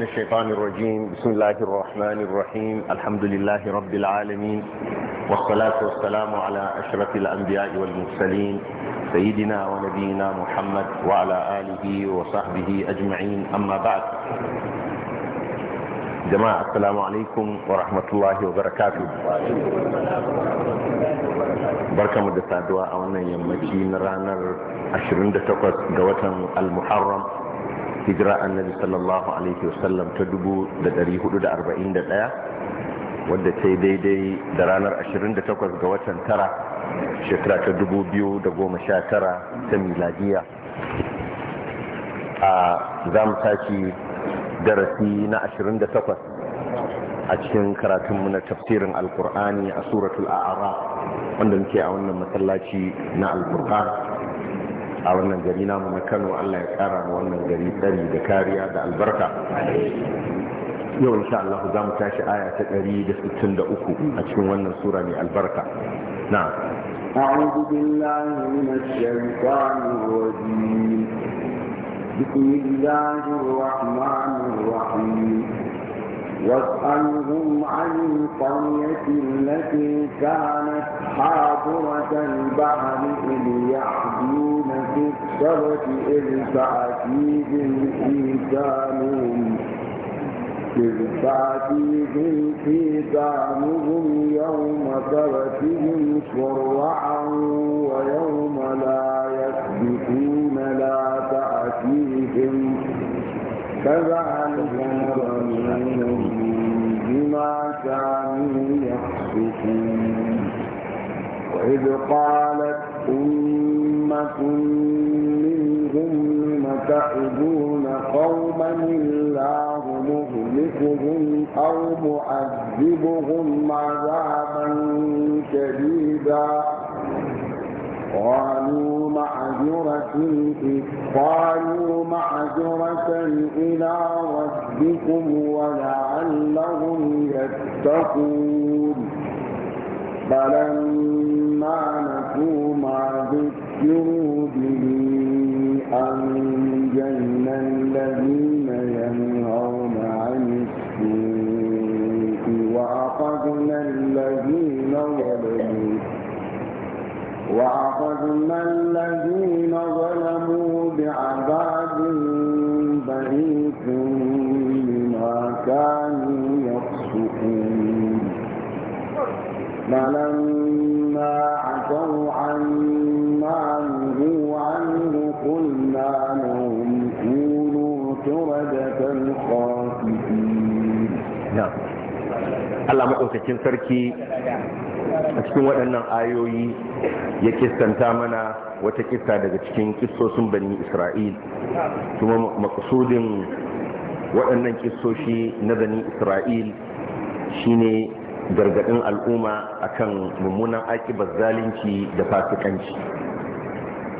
من الشيطان الرجيم بسم الله الرحمن الرحيم الحمد لله رب العالمين والصلاة والسلام على أشرف الأنبياء والمرسلين سيدنا ونبينا محمد وعلى آله وصحبه أجمعين أما بعد جماعة السلام عليكم ورحمة الله وبركاته بركة مدفع دعاء وانا يمجين رانر أشرين دتوقت watan المحرم hijira annabi sallallahu alaihi wasallam ta 441 wadda ta yi daidai da ranar 28 ga watan tara shekara ta 2019 ta miladiya a za mu tashi darasi na 28 a cikin karatunmu na tafsirin alkur'ani a suratul a'ara wanda muke a wannan masallaci na alkur'ani a wannan gari namu na kano allah ya kara mu wannan gari tsari da kariya da albarka yau insha Allah za mu tashi aya ta 163 a cikin wannan sura mai albarka na أعوذ بالله من الشيطان الرجيم بسم الله الرحمن الرحيم واسألهم عن القرية التي كانت حاضرة البحر إذ يحجون في السبت إذ تأتيهم حيتانهم إذ تأتيهم حيتانهم يوم سبتهم شرعا ويوم لا يسبتون لا تأتيهم كذلك بما كانوا يفسقون وإذ قالت أمة منهم لم تعدون قوما الله مهلكهم أو معذبهم عذابا شديدا قالوا معذرة قالوا معذرة إلى ربكم ولعلهم يتقون فلما نسوا ما ذكروا به أنجينا الذين وأخذنا الذين ظلموا بعذاب بريق بما كانوا يفسقون فلما عتوا عما نهوا عنه قلنا لهم كونوا قردة خاسئين نعم الله مؤكد تركي a cikin waɗannan ayoyi ya kistanta mana wata kista daga cikin kistosin bani isra'il kuma makasudin waɗannan kistoshi na bani isra'il shine gargaɗin al'umma akan mummunan aƙibar zalunci da fasikanci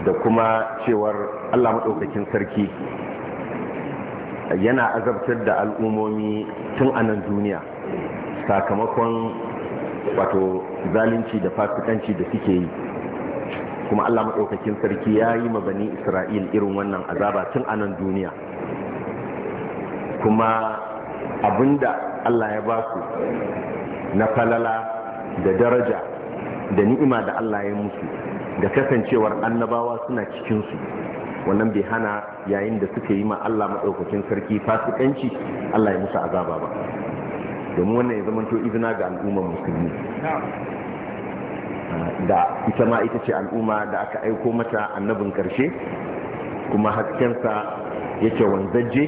da kuma cewar allah maɗaukakin sarki yana azabtar da al'ummomi tun a nan duniya sakamakon wato zalunci da fasikanci da suke yi kuma Allah maɗaukakin sarki ya yi mabani Isra'il irin wannan azaba tun a nan duniya kuma abinda Allah ya ba su na falala da daraja da ni'ima da Allah ya musu da kasancewar annabawa suna cikinsu wannan bai hana yayin da suka yi ma Allah maɗaukakin sarki fasikanci Allah ya musu azaba ba domin wannan ya zamanto izina ga al'ummar musulmi ah, da ita ma ita ce al'umma da aka aiko mata annabin karshe kuma haskensa yake wanzaje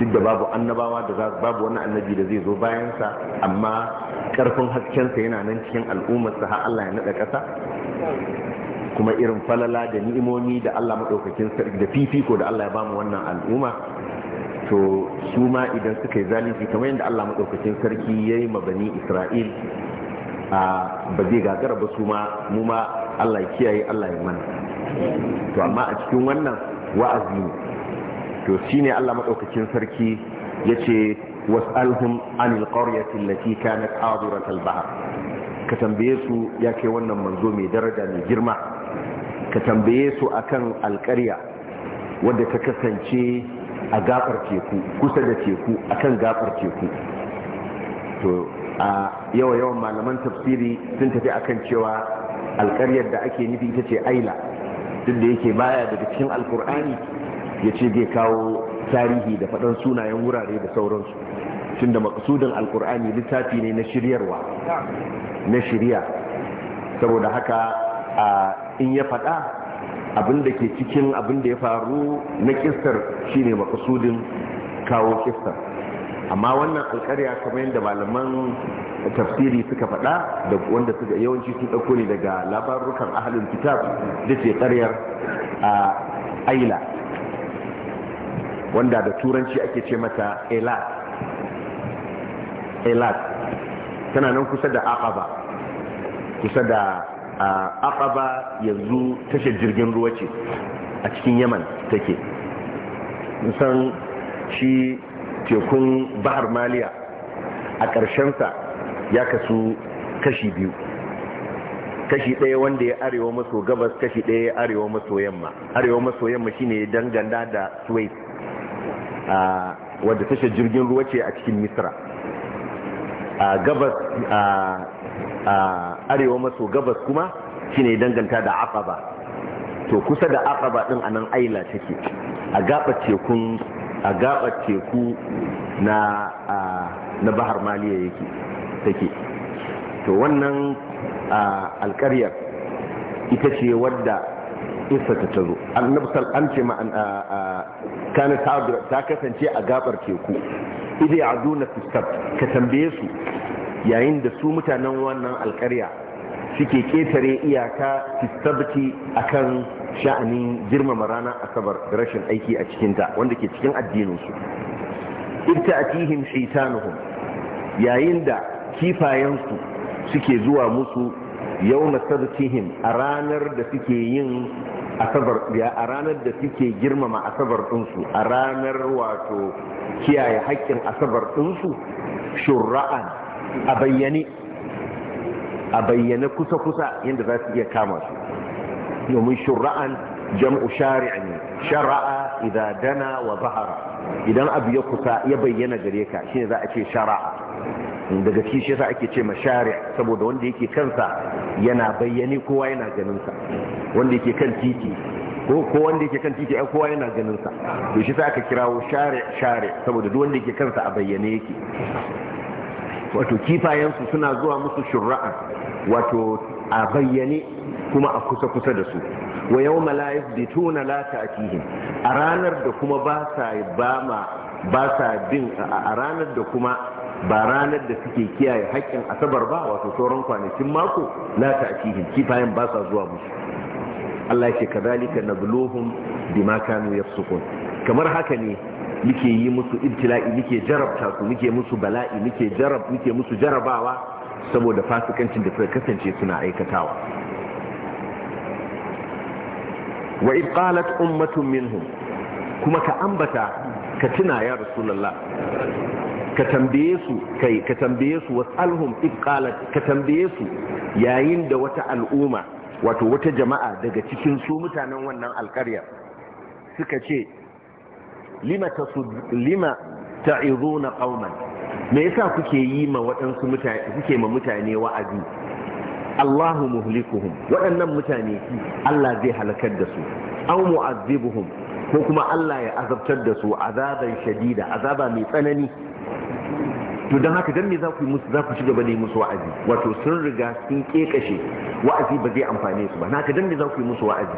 duk da babu annabawa da babu wani annabi da zai zo bayansa amma karfin haskensa yana nan cikin al'ummarsa har Allah ya naɗa ƙasa kuma irin falala da ni'imomi da Allah maɗaukakin sarki da fifiko da Allah ya bamu wannan al'umma to su ma idan suka yi zalunci kamar yadda Allah maɗaukacin sarki ya yi mabani Isra'il A ba zai gagara ba su ma mu ma Allah ya kiyaye Allah ya mana to amma a cikin wannan wa'azi ne to ne Allah maɗaukacin sarki ya ce was'alhum anil qaryati allati kanat adirat al-bahr ka tambaye su ya kai wannan manzo mai daraja mai girma ka tambaye su akan alƙarya wadda ta kasance a gafar teku kusa da teku a kan gafar teku to a yawa yawan malaman tafsiri sun tafi akan cewa alkaryar da ake nufi ita ce aila duk da yake baya daga cikin alkur'ani ya ce zai kawo tarihi da faɗan sunayen wurare da sauransu tun da maksudin alkur'ani littafi ne na shiryarwa na shirya saboda haka in ya faɗa abin da ke cikin abin da ya faru na kistar shine makasudin kawo kistar amma wannan alkarya kamar yadda malaman tafsiri suka faɗa da wanda suka yawanci sun ɗauko ne daga labarukan ahalin kitab da ce karyar a aila wanda da turanci ake ce mata elat elat tana nan kusa da aqaba kusa da a aqaba yanzu tashar jirgin ruwa ce a cikin yaman take san shi tekun bahar maliya a ƙarshensa ya kasu kashi biyu kashi ɗaya wanda ya arewa maso gabas kashi ɗaya ya arewa maso yamma arewa maso yamma shine Danganda da a wadda tashar jirgin ruwa ce a cikin misra a gabas a arewa maso gabas kuma shine danganta da aqaba to kusa da aqaba din anan aila take a gaba tekun a gaba teku na na bahar maliya yake take to wannan alƙaryar ita ce wadda isa ta tazo annabi an ce ma kana ta kasance a gabar teku idai aduna fi ka tambaye su yayin da su mutanen wannan alkarya suke ketare iyaka a kan sha'anin girmama ranar asabar da rashin aiki a cikinta wanda ke cikin addininsu Ita a atihim shaitanuhum yayin da kifayensu suke zuwa musu na sabtihim a ranar da suke yin asabar a ranar da suke girmama asabar ɗinsu a ranar wato kiyaye haƙƙin asabar ɗinsu shura'an a bayyane a bayyane kusa-kusa yadda za su iya kama su domin shura'an jam'u shari'a ne shara'a idan dana wa zahara idan abu ya kusa ya bayyana gare ka ne za a ce shara'a daga cikin shi yasa ake ce mashari saboda wanda yake kansa yana bayyane kowa yana ganin sa wanda yake kan titi ko ko wanda yake kan titi ai kowa yana ganin sa to shi sa aka kirawo share-share saboda duk wanda yake kansa a bayyane yake wato kifayensu suna zuwa musu shurra'a wato a bayyane kuma a kusa-kusa da su wa yau malayif da tuna lata a a ranar da kuma ba sa ba sa bin a ranar da kuma ba ranar da suke kiyaye haƙƙin asabar ba wato sauran kwanakin mako lata a kifayen ba sa zuwa musu Allah ya ce kazalika nabluhum bima kanu yafsukun kamar haka ne muke yi musu ibtila'i muke jarabta su muke musu bala'i muke jarab muke musu jarabawa saboda fasikancin da suka kasance suna aikatawa wa id qalat ummatun minhum kuma ka ambata ka tuna ya rasulullah ka tambaye su kai ka tambaye su wasalhum id qalat ka tambaye su yayin da wata al'umma wato wata jama'a daga cikin su mutanen wannan alƙarya suka ce lima lima ta'izuna qauman me yasa kuke yi ma waɗansu mutane kuke ma mutane wa'azi Allahu muhlikuhum waɗannan mutane Allah zai halakar da su aw mu'azzibuhum ko kuma Allah ya azabtar da su azaban shadida azaba mai tsanani to don haka dan me za ku yi musu za ku ci gaba da musu wa'azi wato sun riga sun kekashe wa'azi ba zai amfane su ba haka dan me za ku yi musu wa'azi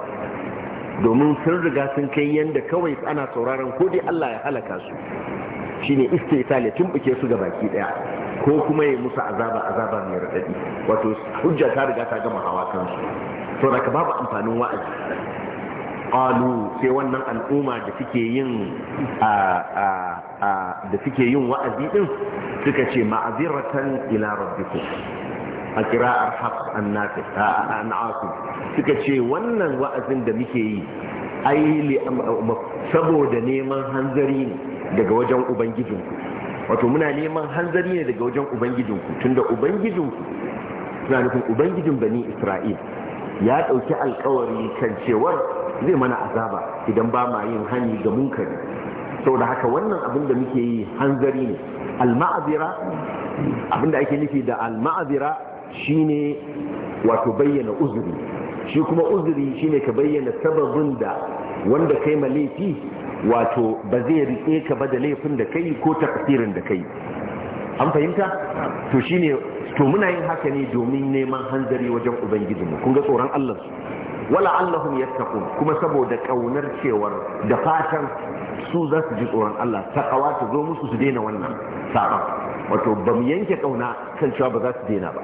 domin sun riga sun kai yadda kawai ana sauraron ko dai Allah ya halaka su shine iska ya tumbuke su baki daya ko kuma ya musu azaba azaba mai radadi wato hujja ta riga ta gama hawa kansu to daga babu amfanin wa'azi qalu sai wannan al'umma da suke yin wa'azi din suka ce ma'aziratan ila rabbikum a kira hafs an asu suka ce wannan wa'azin da muke yi ai saboda neman hanzari ne daga wajen ubangijinku wato muna neman hanzari ne daga wajen ubangijinku tunda ubangijinku suna nufin ubangijin bani isra'il ya ɗauki alkawari kan cewar zai mana azaba idan ba ma yin hani ga munkari saboda haka wannan abin da muke yi hanzari ne al-ma'azira abin da ake nufi da al-ma'azira shine wato bayyana uzuri shi kuma uzuri shine ka bayyana sababin da wanda kai ma laifi wato ba zai rike ka ba da laifin da kai ko tafsirin da kai an fahimta to shine to muna yin haka ne domin neman hanzari wajen ubangijinmu kun ga tsoron Allah wala allahum yattaqun kuma saboda ƙaunar cewar da fatan su za su ji tsoron Allah kawa ta zo musu su daina wannan saa wato ba mu yanke ƙauna kan cewa ba za su daina ba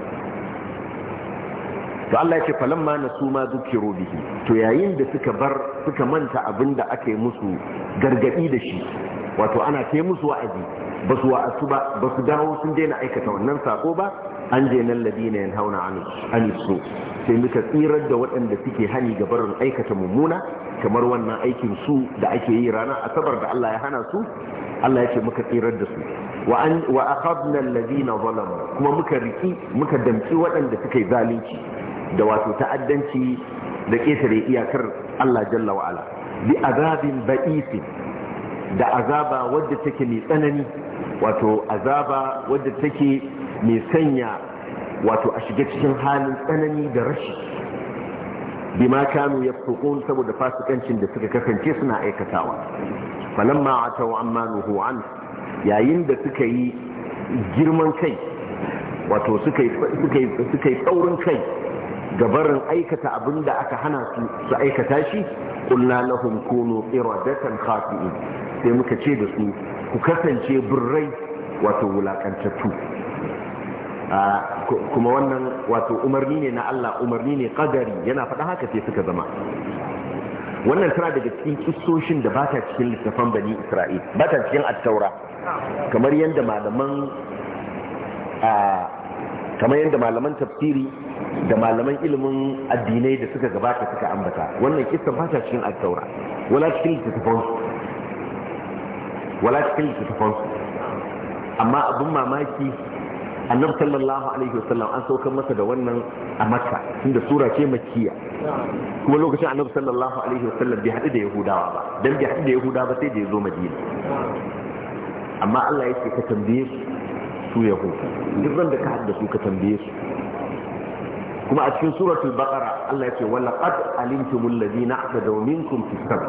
to Allah yake falamma su ma zukiru bihi to yayin da suka bar suka manta abinda aka yi musu gargadi da shi wato ana kai musu wa'azi ba su wa'azu ba ba su dawo sun daina aikata wannan sako ba an je nan ladina yanhauna an su sai muka tsirar da waɗanda suke hani ga barin aikata mummuna kamar wannan aikin su da ake yi ranar asabar da Allah ya hana su Allah ya ce muka tsirar da su wa an wa akhadna alladhina zalamu kuma muka riki muka damci waɗanda suka yi zalunci da wato ta'addanci da ƙetare iyakar Allah jalla wa'ala bi azabin ba'isi da azaba wadda take mai tsanani wato azaba wadda take mai sanya wato a shiga cikin halin tsanani da rashi ma kanu ya saboda fasikancin da suka kasance suna aikatawa falamma atau amma nuhu yayin da suka yi girman kai wato suka yi tsaurin kai gabarin aikata abin da aka hana su su aikata shi kulla lahum kunu iradatan khafi'in sai muka ce da su ku kasance birrai wato wulakantattu kuma wannan wato umarni ne na Allah umarni ne kadari yana faɗa haka sai suka zama wannan tana daga cikin kissoshin da ba ta cikin littafan bani isra'il ba ta cikin attaura kamar yadda malaman kamar yadda malaman tafsiri da malaman ilimin addinai da suka gabata suka ambata wannan kista ba ta cikin attaura wala cikin su, wala cikin su. amma abin mamaki annab sallallahu alaihi wasallam an saukar masa da wannan a makka inda sura ce makkiya kuma lokacin annab sallallahu alaihi wasallam bai haɗu da yahudawa ba dan bai haɗu da yahudawa ba sai da ya zo madina amma Allah yake ka tambaye su su yahu duk da ka haɗu da su ka tambaye su kuma a cikin suratul baqara Allah yake wala qad alimtum alladhina aqadaw minkum fi sabt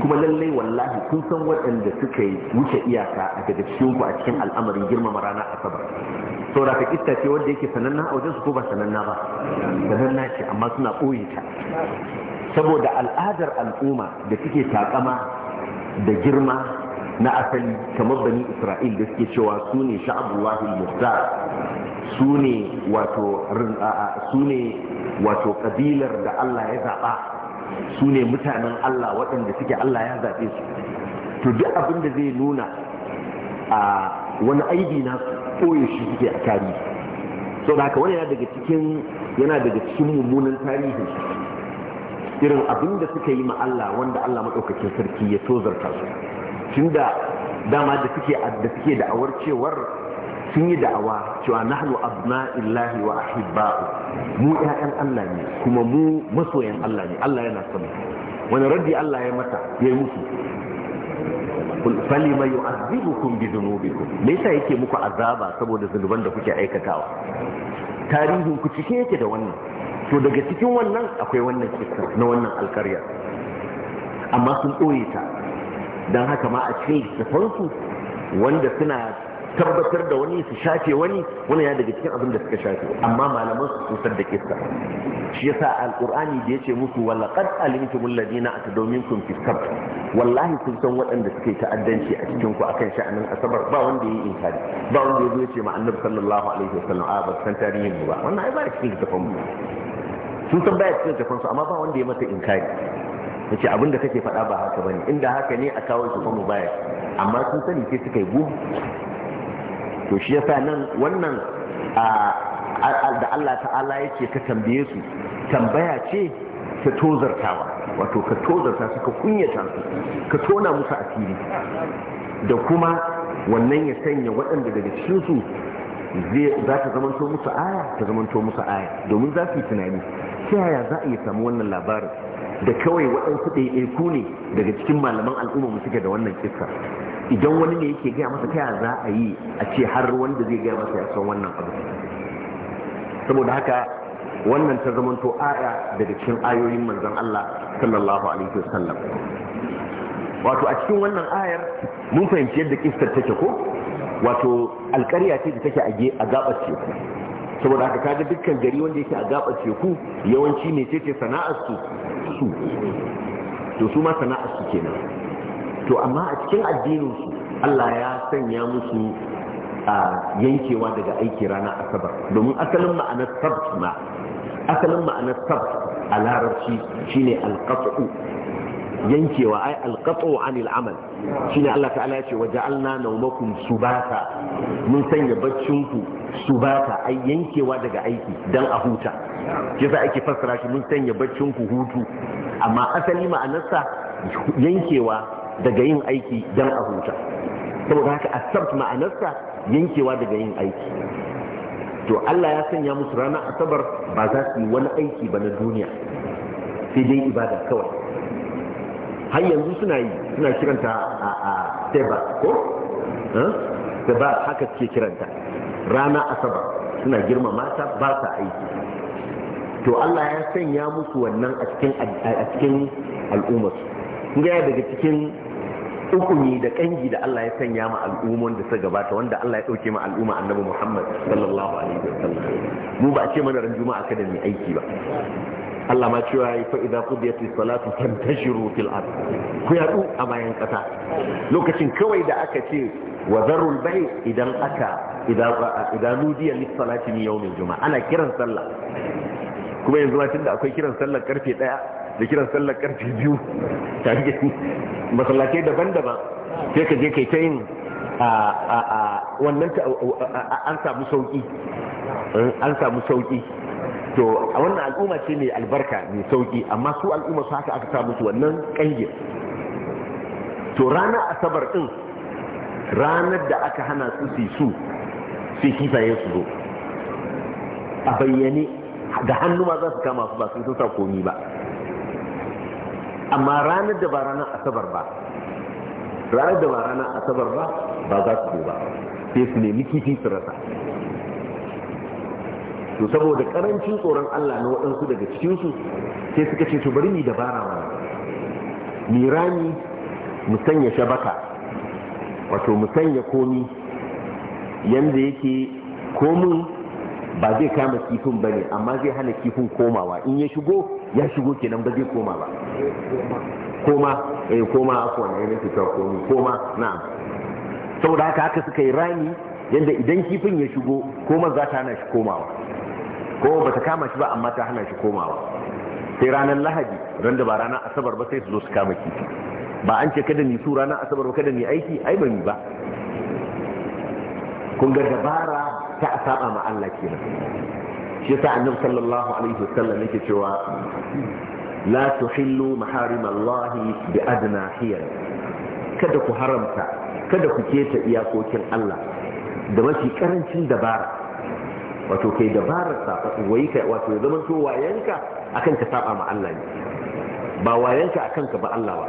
kuma lalle wallahi kun san waɗanda suka yi wuce iyaka a daga cikin ku a cikin al'amarin girmama ranar asabar da ka kista ce wanda yake sananna a wajen su ko ba sananna ba sananna ce amma suna ɓoye ta saboda al'adar al'umma da suke takama da girma na asali kamar bani isra'il da suke cewa su ne sha'abullahi muhtar su su ne wato kabilar da Allah ya zaɓa su ne mutanen Allah waɗanda suke Allah ya zaɓe su to duk abin da zai nuna a wani aibi na koyo shi suke a tarihi so da haka wani yana daga cikin yana daga cikin mummunan tarihin irin abin da suka yi ma Allah wanda Allah maɗaukakin sarki ya tozarta su tun da dama da suke da suke da'awar cewar sun yi da'awa cewa nahnu illahi wa ahibba'u mu ƴaƴan Allah ne kuma mu masoyan Allah ne Allah yana son wani raddi Allah ya mata ya yi musu falima yu'azzibukum bi dhunubikum me yasa yake muku azaba saboda zunuban da kuke aikatawa tarihin ku cike yake da wannan to daga cikin wannan akwai wannan kissa na wannan alkarya amma sun ɓoye ta don haka ma a cikin littafansu wanda suna tabbatar da wani su shafe wani wani ya daga cikin abin da suka shafe amma malaman su sun da kista shi yasa alqur'ani da yace musu wala qad alimtum alladina atadaw minkum fi sabt wallahi sun san waɗanda suke ta'addanci a cikin ku akan sha'anin asabar ba wanda yayi inkari ba wanda yazo yace ma annabi sallallahu alaihi wasallam a ba san tarihin ba wannan ai ba cikin tafan mu sun san baya cikin tafan su amma ba wanda ya mata inkari ce abinda kake faɗa ba haka bane inda haka ne a kawo shi fa baya amma sun sani ke suka yi bu to shi yasa nan wannan da Allah ta'ala yake ka tambaye su tambaya ce ta tozartawa wato ka tozarta su ka kunyata su ka tona musu asiri da kuma wannan ya sanya waɗanda daga cikin su za ta zamanto musu aya ta zamanto musu aya domin za su yi tunani ta yaya za a iya samu wannan labarin da kawai waɗansu ɗaiɗaiku ne daga cikin malaman al'umma suke da wannan kissa idan wani ne yake gaya masa kaya za a yi a ce har wanda zai gaya masa ya san wannan abu saboda haka wannan ta zamanto aya daga cikin ayoyin manzon Allah sallallahu alaihi wasallam wato a cikin wannan ayar mun fahimci yadda kissar take ko wato alƙarya ce da take a gabar teku saboda haka kaga dukkan gari wanda yake a gaba teku yawanci ne ce ce sana'ar su su to su ma sana'ar su kenan to amma a cikin addinin su Allah ya sanya musu a yankewa daga aiki rana asabar domin asalin ma'anar sabt ma asalin ma'anar sabt a larabci shine alqat'u yankewa ai alqatu anil amal shine Allah ta'ala ya ce waja'alna nawmakum subata mun sanya baccinku subata ai yankewa daga aiki dan a huta yasa ake fassara shi mun sanya baccinku hutu amma asali ma'anarsa yankewa daga yin aiki dan a huta saboda haka asabt ma'anarsa yankewa daga yin aiki to Allah ya sanya musu ranar asabar ba za su yi wani aiki ba na duniya sai dai ibada kawai har yanzu suna yi suna kiranta a teba ko teba haka suke kiranta rana asabar suna girma mata ba sa aiki to Allah ya sanya musu wannan a cikin al'ummar su gaya daga cikin ukuni da kangi da Allah ya sanya ma al'umman da suka gabata wanda Allah ya dauke ma al'umma annabi Muhammad sallallahu alaihi wasallam mu ba a ce mana ran juma'a kada mu aiki ba Allah ma cewa ya yi fa idza qudiyati salatu fantashiru fil ard ku yadu a bayan ƙasa. lokacin kawai da aka ce wa zarul bai idan aka idan nudiya lis salati ni yawmil juma'a ana kiran sallah kuma yanzu ma tunda akwai kiran sallar karfe ɗaya da kiran sallar karfe biyu. ta ga masallatai daban-daban sai ka je kai ta yin wannan an samu sauƙi. an samu sauki to a wannan al'umma ce mai albarka mai sauki amma su al'umma su haka aka sa musu wannan kange to ranar asabar din ranar da aka hana su su su sai kifaye su zo a bayyane da hannu ma za su kama su ba sun sa komi ba amma ranar da ba ranar asabar ba ranar da ba ranar asabar ba ba za su zo ba sai su nemi kifi su rasa to saboda karancin tsoron Allah na waɗansu daga cikinsu sai suka ce su bari ni dabara mana ni rami mu sanya shabaka wato mu sanya komi yanda yake komin ba zai kama kifin ba ne amma zai hana kifin komawa in ya shigo ya shigo kenan ba zai koma ba koma eh koma afuwa na yanayi fitar komi koma na'am saboda haka haka suka yi rami yadda idan kifin ya shigo koma za ta hana shi komawa ko ba ta kama shi ba amma ta hana shi komawa sai ranar lahadi don da ba ranar asabar ba sai su zo su kama kifi ba an ce kada ni su ranar asabar ba kada ni aiki ai ba ni ba kun ga dabara ta saba ma Allah kenan shi yasa annabi sallallahu alaihi wasallam yake cewa la tuhillu maharim Allah bi adna hiyar kada ku haramta kada ku keta iyakokin Allah da mafi karancin dabara wato kai dabarar safa wai ka wato zama to wayanka akan ka saba ma Allah ne ba wayanka akan ka ba Allah ba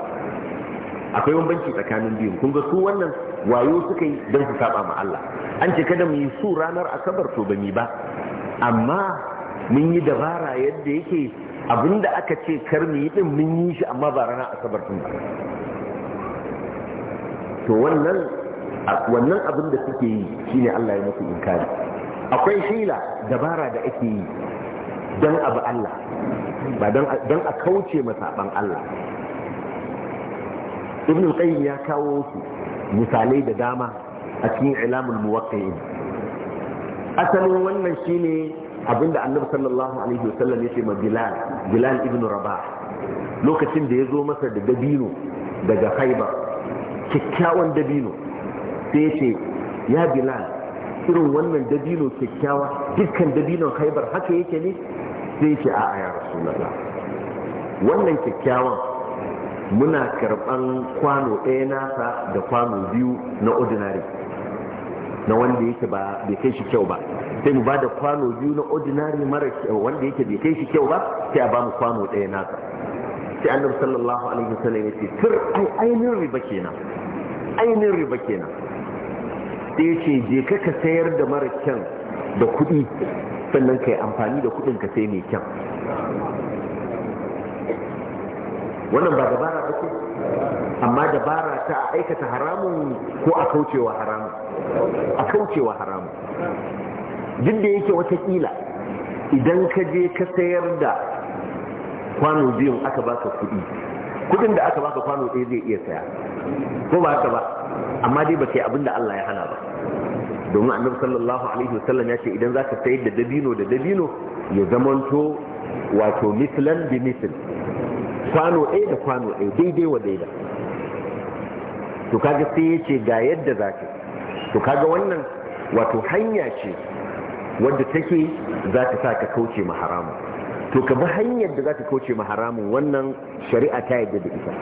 akwai bambanci tsakanin biyu kun ga su wannan wayo suka yi don su saba ma Allah an ce kada mu yi su ranar asabar to ba ba amma mun yi dabara yadda yake abinda aka ce kar mu yi din mun yi shi amma ba ranar asabar din ba to wannan wannan abin da suke yi shine Allah ya musu inkari akwai hila dabara da ake yi don abu Allah ba don a kauce masaban Allah ibn qayyim ya kawo su misalai da dama a cikin ilamul muwaqqi'in asalin wannan shine abinda annabi sallallahu alaihi wasallam yace ma bilal bilal ibn rabah lokacin da ya zo masa da dabino daga khaibar kyakkyawan dabino sai yace ya bilal irin wannan dabino kyakkyawa dukkan dabinon haibar haka yake ne sai ce a ya rasulullah wannan kyakkyawan muna karban kwano ɗaya nasa da kwano biyu na ordinary na wanda yake ba bai kai shi kyau ba sai mu ba da kwano biyu na ordinary mara wanda yake bai kai shi kyau ba sai a ba mu kwano ɗaya nasa sai annabi sallallahu alaihi wasallam ya ce tur ai ainihin riba kenan ainihin riba kenan da ya ce je ka ka sayar da mara kyan da kuɗi sannan ka yi amfani da kuɗin ka sai mai kyan wannan ba dabara ba ce amma dabara ta aikata haramun ko a kaucewa haramun a kaucewa haramun duk da yake watakila idan ka je ka sayar da kwano biyun aka baka kuɗi kuɗin da aka baka kwano ɗaya zai iya saya ko ba haka ba amma dai ba sai abin da Allah ya hana ba domin annabi sallallahu alaihi wasallam ya ce idan zaka sayar da dabino da dabino ya zamanto wato mislan bi misl kwano ɗaya da kwano ɗaya daidai wa daida to kaga sai ya ce ga yadda zaka to kaga wannan wato hanya ce wadda take za ta sa ka kauce ma haramun to ka bi hanyar da za kauce ma haramun wannan shari'a ta yadda da ita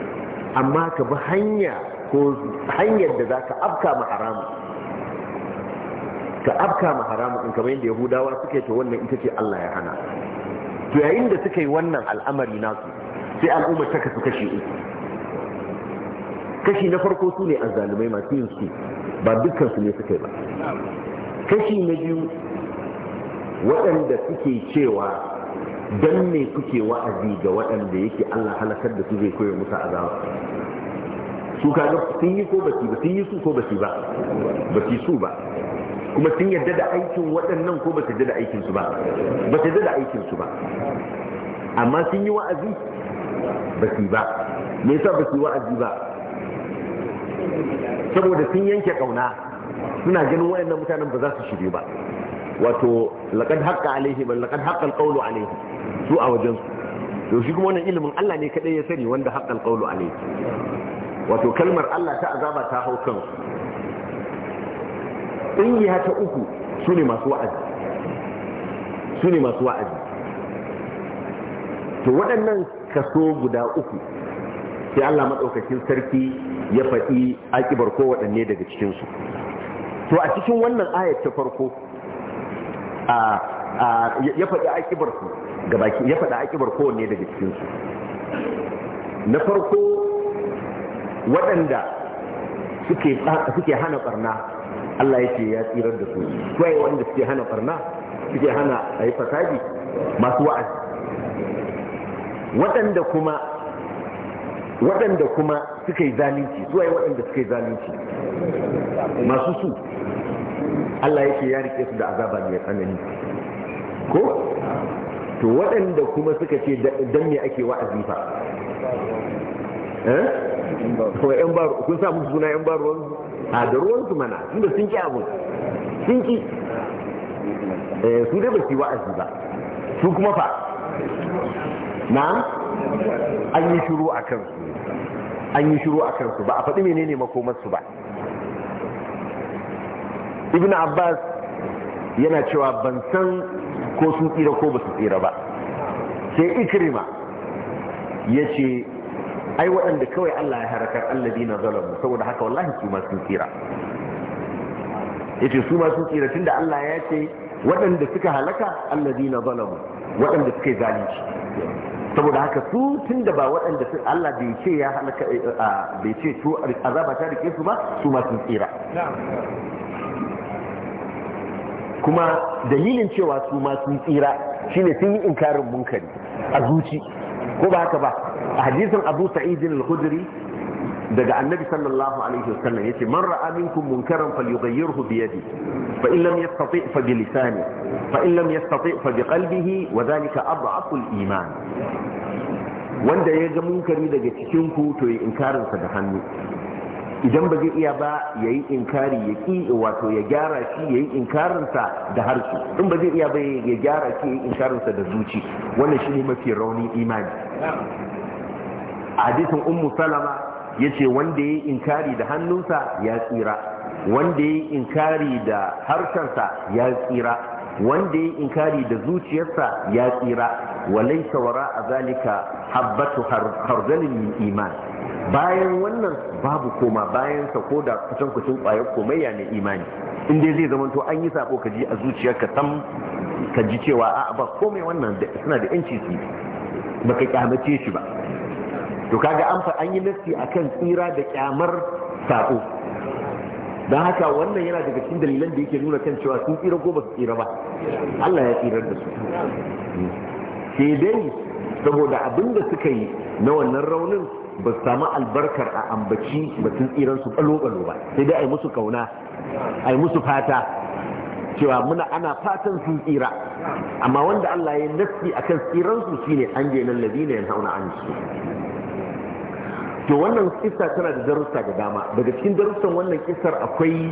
amma ka bi hanya ko hanyar da za ka afka ma haramu ka afka ma haramu in kamar yadda yahudawa suke to wannan ita ce Allah ya hana to yayin da suka yi wannan al'amari nasu sai al'ummar ta kasu kashi uku kashi na farko su ne azzalumai masu yin su ba dukkan su ne suka yi ba kashi na biyu waɗanda suke cewa dan me kuke wa'azi ga waɗanda yake Allah halakar da su zai koya musu azaba su kaga sun yi ko ba su ba sun yi su ko ba su ba ba su su ba kuma sun yadda da aikin waɗannan ko ba su yadda da aikin su ba ba su yadda da aikin su ba amma sun yi wa'azi ba su ba me yasa ba su wa'azi ba saboda sun yanke kauna suna ganin waɗannan mutanen ba za su shirye ba wato laqad haqqa alaihi bal laqad haqqa alqawlu alaihi su a wajen su to shi kuma wannan ilimin Allah ne kadai ya sani wanda haqqa alqawlu alaihi wato kalmar Allah ta azaba ta hau kansu ƙungiya ta uku su ne masu wa'azi su ne masu wa'azi to waɗannan kaso guda uku sai Allah maɗaukakin sarki ya faɗi aƙibar waɗanne daga cikinsu to a cikin wannan ayat ta farko ya faɗi aƙibar su ya faɗi aƙibar kowanne daga cikinsu na farko waɗanda suke hana barna Allah yake ya tsirar da su kwaye waɗanda suke hana barna suke hana a yi fasadi masu wa'azi waɗanda kuma waɗanda kuma suka yi zalunci suwaye waɗanda suka yi zalunci masu su Allah yake ya rike su da azaba mai tsanani ko to waɗanda kuma suka ce don me ake wa'azi fa eh kuma yan ba kun sa musu suna yan ba ruwansu a da su mana tunda sun ki abun sun ki eh, su dai ba su wa'azi ba su kuma fa na an yi shiru a kansu an yi shiru a kansu ba a faɗi menene makomarsu ba ibn abbas yana cewa ban san ko sun tsira ko ba su tsira ba sai ikrima ya ce ai waɗanda kawai Allah ya harakar na zalamu saboda haka wallahi su ma sun tsira yace su ma sun tsira tunda Allah ya ce waɗanda suka halaka na zalamu waɗanda suka zalunci saboda haka su tunda ba waɗanda Allah bai ce ya halaka eh, bai ce to azaba ta rike su ba su ma sun tsira kuma dalilin cewa su ma sun tsira shine sun yi inkarin munkari a zuci ko ba haka ba a hadisin abu sa'idin al-khudri daga annabi sallallahu alaihi wasallam yace man ra'a minkum munkaran falyughayyirhu bi yadi fa in lam yastati fa bi lisani fa in lam yastati fa bi qalbihi wa dhalika adhafu al-iman wanda ya ga munkari daga cikin ku to ya inkarin sa da hannu idan ba zai iya ba ya yi inkari ya ƙi wato ya gyara shi ya yi inkarinsa da harshe in ba zai iya ba ya gyara shi ya yi inkarinsa da zuci wannan shi ne mafi rauni imani a hadisin ummu salama ya ce wanda ya yi inkari da hannunsa ya tsira wanda ya yi inkari da harshensa ya tsira wanda ya yi inkari da zuciyarsa ya tsira walai sawara a zalika habbatu harzalin iman bayan wannan babu koma bayansa ko da kusan kusan kwayar ya na imani inda zai zama to an yi sako ka ji a zuciyarka tam ka ji cewa a ba komai wannan suna da yanci su baka kyamace shi ba to kaga an fa an yi nasti akan tsira da kyamar sabo don haka wannan yana daga cikin dalilan da yake nuna kan cewa sun tsira ko ba su tsira ba Allah ya tsirar da su ke dai saboda abin da suka yi na wannan raunin ba su samu albarkar a ambaci batun tsiran su balo-balo ba sai dai a yi musu kauna a yi musu fata cewa muna ana fatan sun tsira amma wanda Allah ya yi nassi akan tsiransu su shine an je nan ladina yanhauna an su to wannan kissa tana da darussa da dama daga cikin darussan wannan kissar akwai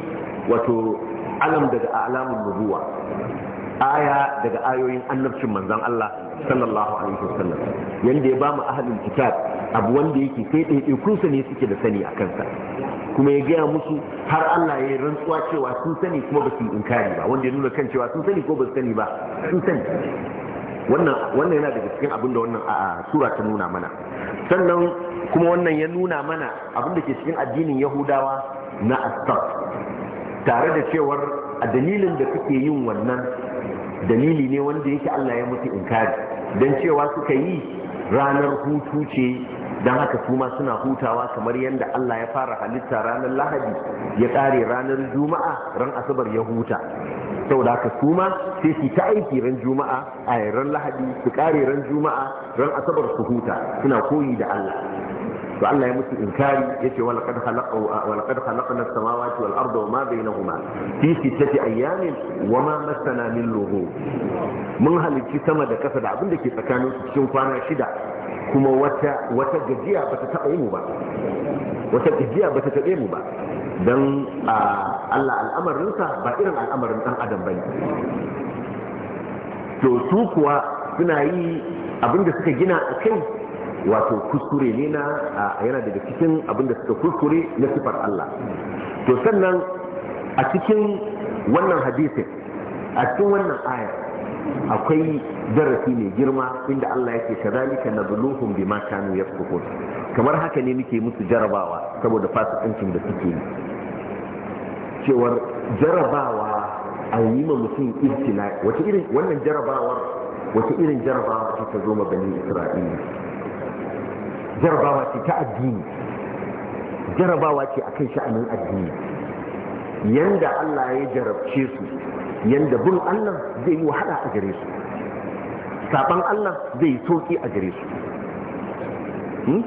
wato alam daga alamun nubuwa aya daga ayoyin annabcin manzon Allah sallallahu alaihi wasallam yanda ya ba mu ahlul kitab abu wanda yake sai ɗaiɗaikunsa ne suke da sani a kansa kuma ya gaya musu har Allah ya rantsuwa cewa sun sani kuma ba su inkari ba wanda ya nuna kan cewa sun sani ko ba su sani ba sun sani wannan yana daga cikin abin da wannan a sura ta nuna mana sannan kuma wannan ya nuna mana abin da ke cikin addinin yahudawa na astar tare da cewar a dalilin da suke yin wannan dalili ne wanda yake allah ya mutu inkari don cewa suka yi ranar hutu ce don haka Suma suna hutawa kamar yadda Allah ya fara halitta ranar lahadi ya ƙare ranar juma'a ran asabar ya huta saboda haka su sai su ta aiki ran juma'a a ran lahadi su ƙare ran juma'a ran asabar su huta suna koyi da Allah to Allah ya mutu inkari yace wala na khalaqa wala qad khalaqna as-samawati wal arda wama bainahuma fi sittati wa ma massana min lughub mun halicci sama da kasa da abin da ke tsakanin su cikin kwana shida kuma wata wata gajiya bata yi mu ba wata gajiya ba taɓa yi mu ba dan Allah al'amarinsa ba irin al'amarin dan adam bane to su kuwa suna yi abinda suka gina a kai wato kuskure ne na yana daga cikin abinda suka kuskure na sifar Allah to sannan a cikin wannan hadisin a cikin wannan ayar akwai darasi mai girma inda Allah yake kazalika nabluhum bima kanu yafsukun kamar haka ne muke musu jarabawa saboda fasikancin da suke yi cewar jarabawa a yi ma mutum ibtila wace irin wannan jarabawar wace irin jarabawa ce ta zo ma bani isra'ila jarabawa ce ta addini jarabawa ce akan sha'anin addini yanda Allah ya jarabce su yanda bin Allah zai yi wahala a gare su saban Allah zai yi sauki a gare su hmm?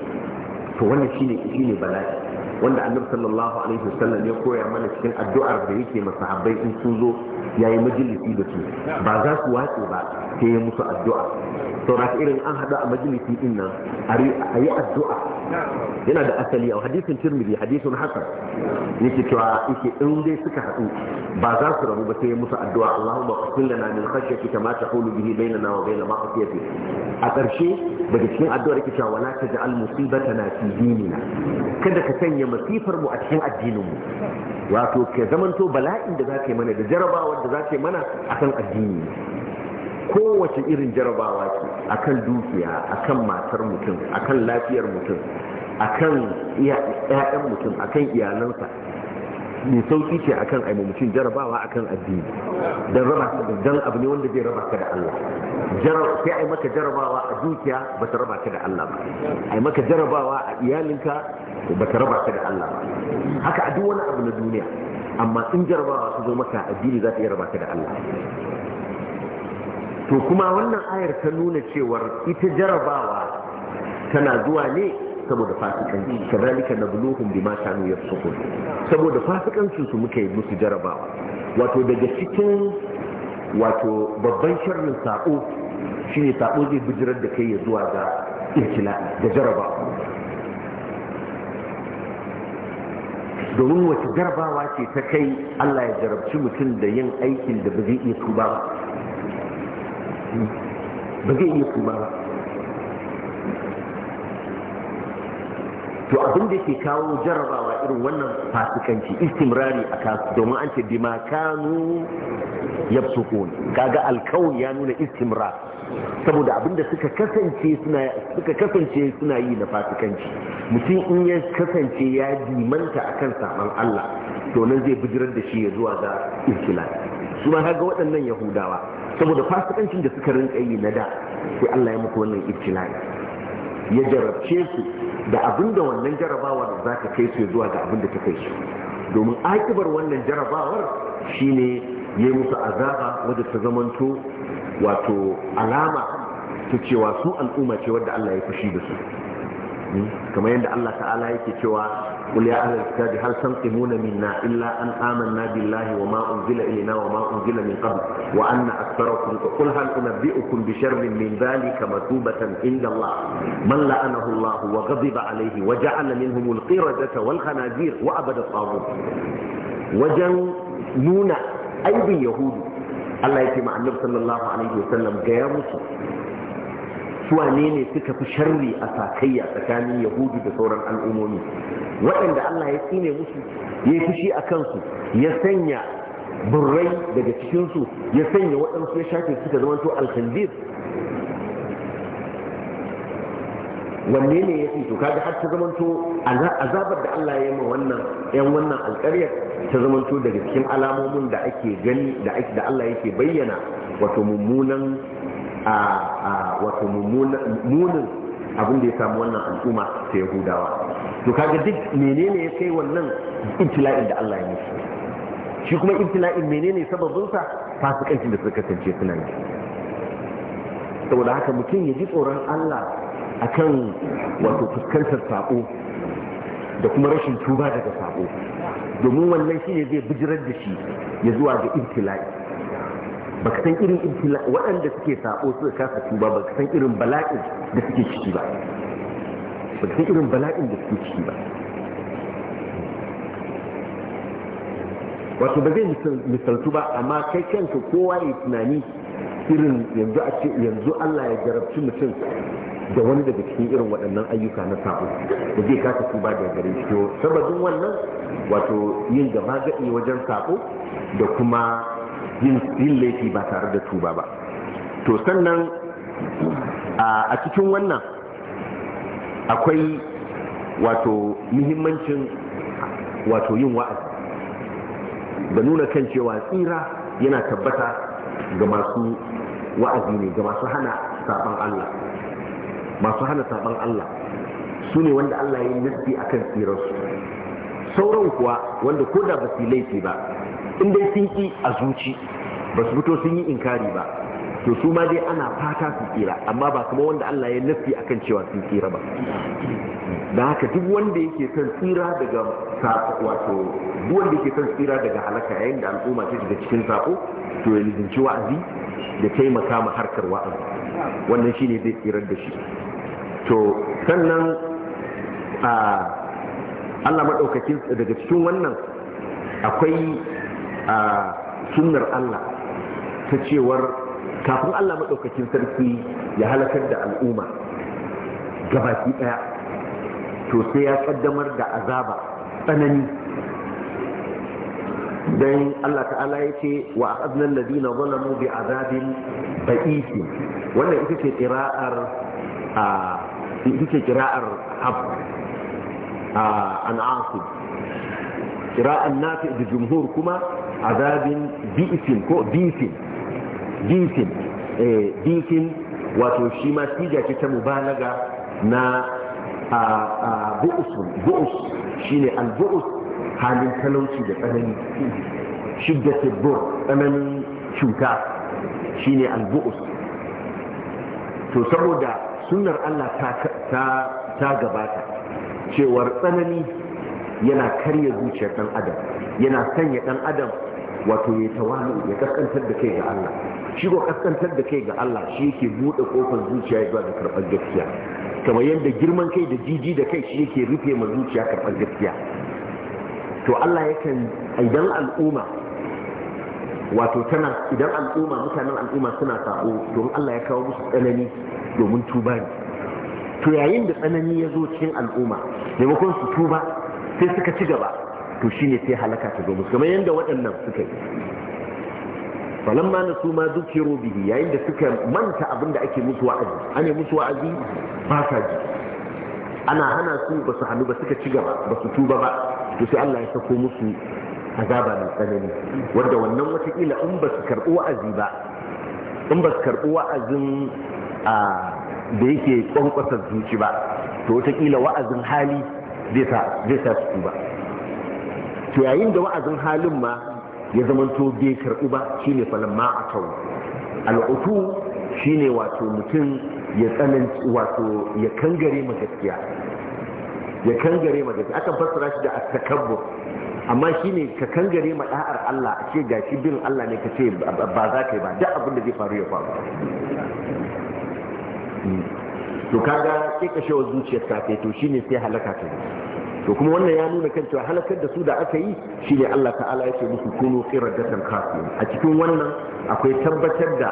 to wannan shine shine bala'i wanda annabi sallallahu alaihi ya koya mana cikin addu'ar da yake masahabbai in sun zo ya yi majalisi da su ba za su wace ba sai ya musu addu'a sau da irin an haɗu a majalisi din nan a yi addu'a yana da asali a hadisin tirmidhi hadisin hasan yake cewa yake in dai suka haɗu ba za su rabu ba sai ya musu addu'a Allahumma qul lana min khashyatika ma tahulu bihi bainana wa bain ma'asiyatik a ƙarshe daga cikin addu'ar yake cewa wala taj'al musibatana fi dinina kada ka sanya masifar mu a cikin addinin mu wato ka zamanto bala'in da za mana da jarabawar da za mana akan addini kowace irin jarabawa ce akan dukiya akan matar mutum akan lafiyar mutum akan 'ya'yan mutum akan iyalansa mai sauki ce akan ai jarabawa akan addini dan raba dan abu ne wanda zai raba ka da Allah sai ai maka jarabawa a dukiya ba ta raba ka da Allah ba ai maka jarabawa a iyalinka ba ta raba ka da Allah ba haka a duk wani abu na duniya amma in jarabawa su zo maka addini za ta iya raba ka da Allah to kuma wannan ayar ta nuna cewar ita jarabawa tana zuwa ne saboda fasikanci kadalika nabluhum bima kanu yafsukun saboda fasikancin su muka yi musu jarabawa wato daga cikin wato babban sharrin sako shine sako zai bijirar da kai ya zuwa ga irkila da jarabawa domin wace jarabawa ce ta kai Allah ya jarabci mutum da yin aikin da ba zai iya tuba ba hmm. ba zai iya tuba ba to abin da ke kawo jarrabawa irin wannan fasikanci istimrari a kasu domin an ce bima kanu yafsukun kaga alkawun ya nuna istimra saboda abin da suka kasance suna yi na fasikanci mutum in ya kasance ya dimanta akan saman Allah to nan zai bijirar da shi ya zuwa ga ikhtilal su ma kaga waɗannan yahudawa saboda fasikancin da suka rinka yi na da sai Allah ya muku wannan ibtilai ya jarabce su da abin da wannan jarabawar za kai su zuwa ga abin da ta kai su domin akibar wannan jarabawar shine ya yi musu azaba wadda ta zamanto wato alama ta cewa su al'umma ce wadda Allah ya fushi da su hmm? kamar yadda Allah ta'ala yake cewa قل يا أهل الكتاب هل تنقمون منا إلا أن آمنا بالله وما أنزل إلينا وما أنزل من قبل وأن أكثركم قل هل أنبئكم بشر من ذلك مثوبة عند الله من لعنه الله وغضب عليه وجعل منهم القردة والخنازير وأبد الطاغوت وجن نون أيدي اليهود الله يتمع النبي صلى الله عليه وسلم قيامه wane ne suka fi sharri a sakayya tsakanin yahudu da sauran al'ummomi waɗanda Allah ya tsine musu ya fushi a kansu ya sanya burrai daga cikinsu ya sanya waɗansu ya shafe suka zama to alkhandir wanne ne ya fito kaga har ta to azabar da Allah ya yi wannan yan wannan alƙaryar ta zamanto daga cikin alamomin da ake gani da Allah yake bayyana wato mummunan a wato munin abin da ya samu wannan al'umma ta yahudawa to kaga duk menene ya kai wannan ibtila'in da Allah ya yi shi kuma ibtila'in menene sababinsa fasikancin da suka kasance suna yi saboda haka mutum ya ji tsoron Allah akan wato fuskantar sako da kuma rashin tuba daga sako domin wannan shi ne zai bijirar da shi ya zuwa ga ibtila'i baka san irin ibtila waɗanda suke sabo suka kasa tuba baka san irin bala'in da suke ciki ba baka san irin bala'in da suke ciki ba wato ba zai misaltu ba amma kai kanka kowa ya tunani irin yanzu a ce yanzu Allah ya jarabci mutum da wani daga cikin irin waɗannan ayyuka na sabo da zai kasa tuba da gare shi to sababin wannan wato yin gaba gaɗi wajen sabo da kuma yin laifi ba tare da tuba ba to sannan a cikin wannan akwai wato muhimmancin wato yin wa'azi da nuna kan cewa tsira yana tabbata ga masu wa'azi ne ga masu hana saban Allah masu hana saban Allah su ne wanda Allah ya yi nufi kan tsirarsu sauran kuwa wanda ko da ba su laifi ba in dai sun ki a zuci ba su fito sun yi inkari ba to su ma dai ana fata su tsira amma ba kuma wanda Allah ya nufi akan cewa sun tsira ba da haka duk wanda yake son tsira daga wato duk wanda yake son tsira daga halaka yayin da al'umma ta shiga cikin sako to ya lizinci wa'azi da taimaka ma harkar wa'azi wannan shine zai tsirar da shi to sannan a Allah madaukakin daga cikin wannan akwai a sunnar Allah ta cewar kafin Allah maɗaukakin sarki ya halakar da al'umma gabaki ɗaya to sai ya ƙaddamar da azaba tsanani don Allah ta'ala ya ce wa aznan ladina zalamu bi azabin ba'isi wannan ita ce ƙira'ar a ita ce ƙira'ar hab kira'an nafi da jumhur kuma azabin zabin ko bi'ifin bi'ifin wato shi ma siga ce ta mubalaga na bu'usun bu'us shine al-bu'us halin talauci da tsanani shiddatul bur tsananin cuta shine al-bu'us to saboda sunnar Allah ta ta gabata cewar tsanani yana karya zuciyar dan adam yana sanya dan adam wato ya tawali ya kaskantar da kai ga Allah shi ko kaskantar da kai ga Allah shi yake bude kofar zuciya zuwa ga karɓar gaskiya kamar yadda girman kai da jiji da kai shi yake rufe ma zuciya karɓar gaskiya to Allah yakan idan al'umma wato tana idan al'umma mutanen al'umma suna sa'o domin Allah ya kawo musu tsanani domin tuba ne to yayin da tsanani ya zo cikin al'umma maimakon su tuba sai suka ci gaba to shine sai halaka ta zo musu kamar yadda waɗannan suka yi ma na su ma zukiru bihi yayin da suka manta abin da ake musu wa'azi ana musu wa'azi ba sa ji ana hana su ba su hannu ba suka ci gaba ba su tuba ba to sai Allah ya sako musu azaba mai tsanani wanda wannan watakila in ba su karɓi wa'azi ba in ba su karɓi wa'azin ah, da yake ƙwanƙwasar zuci ba to watakila wa'azin hali zai sa su ba to yayin da wa'azin halin ma ya zama to bai karɓi ba shine ma a kawo al'utu shine wato mutum ya tsananci wato ya kangare ma gaskiya ya kangare ma gaskiya akan fassara shi da at-takabbur amma shine ka kangare ma da'ar Allah a ce gashi bin Allah ne ka ce ba za ka yi ba duk abin da zai faru ya faru hmm. to kaga sai ka shawo zuciyar ka to shine sai halaka ta to kuma wannan ya nuna kan cewa halakar da su da aka yi shine Allah ta'ala ce musu kunu qiradatan kafirin a cikin wannan akwai tabbatar da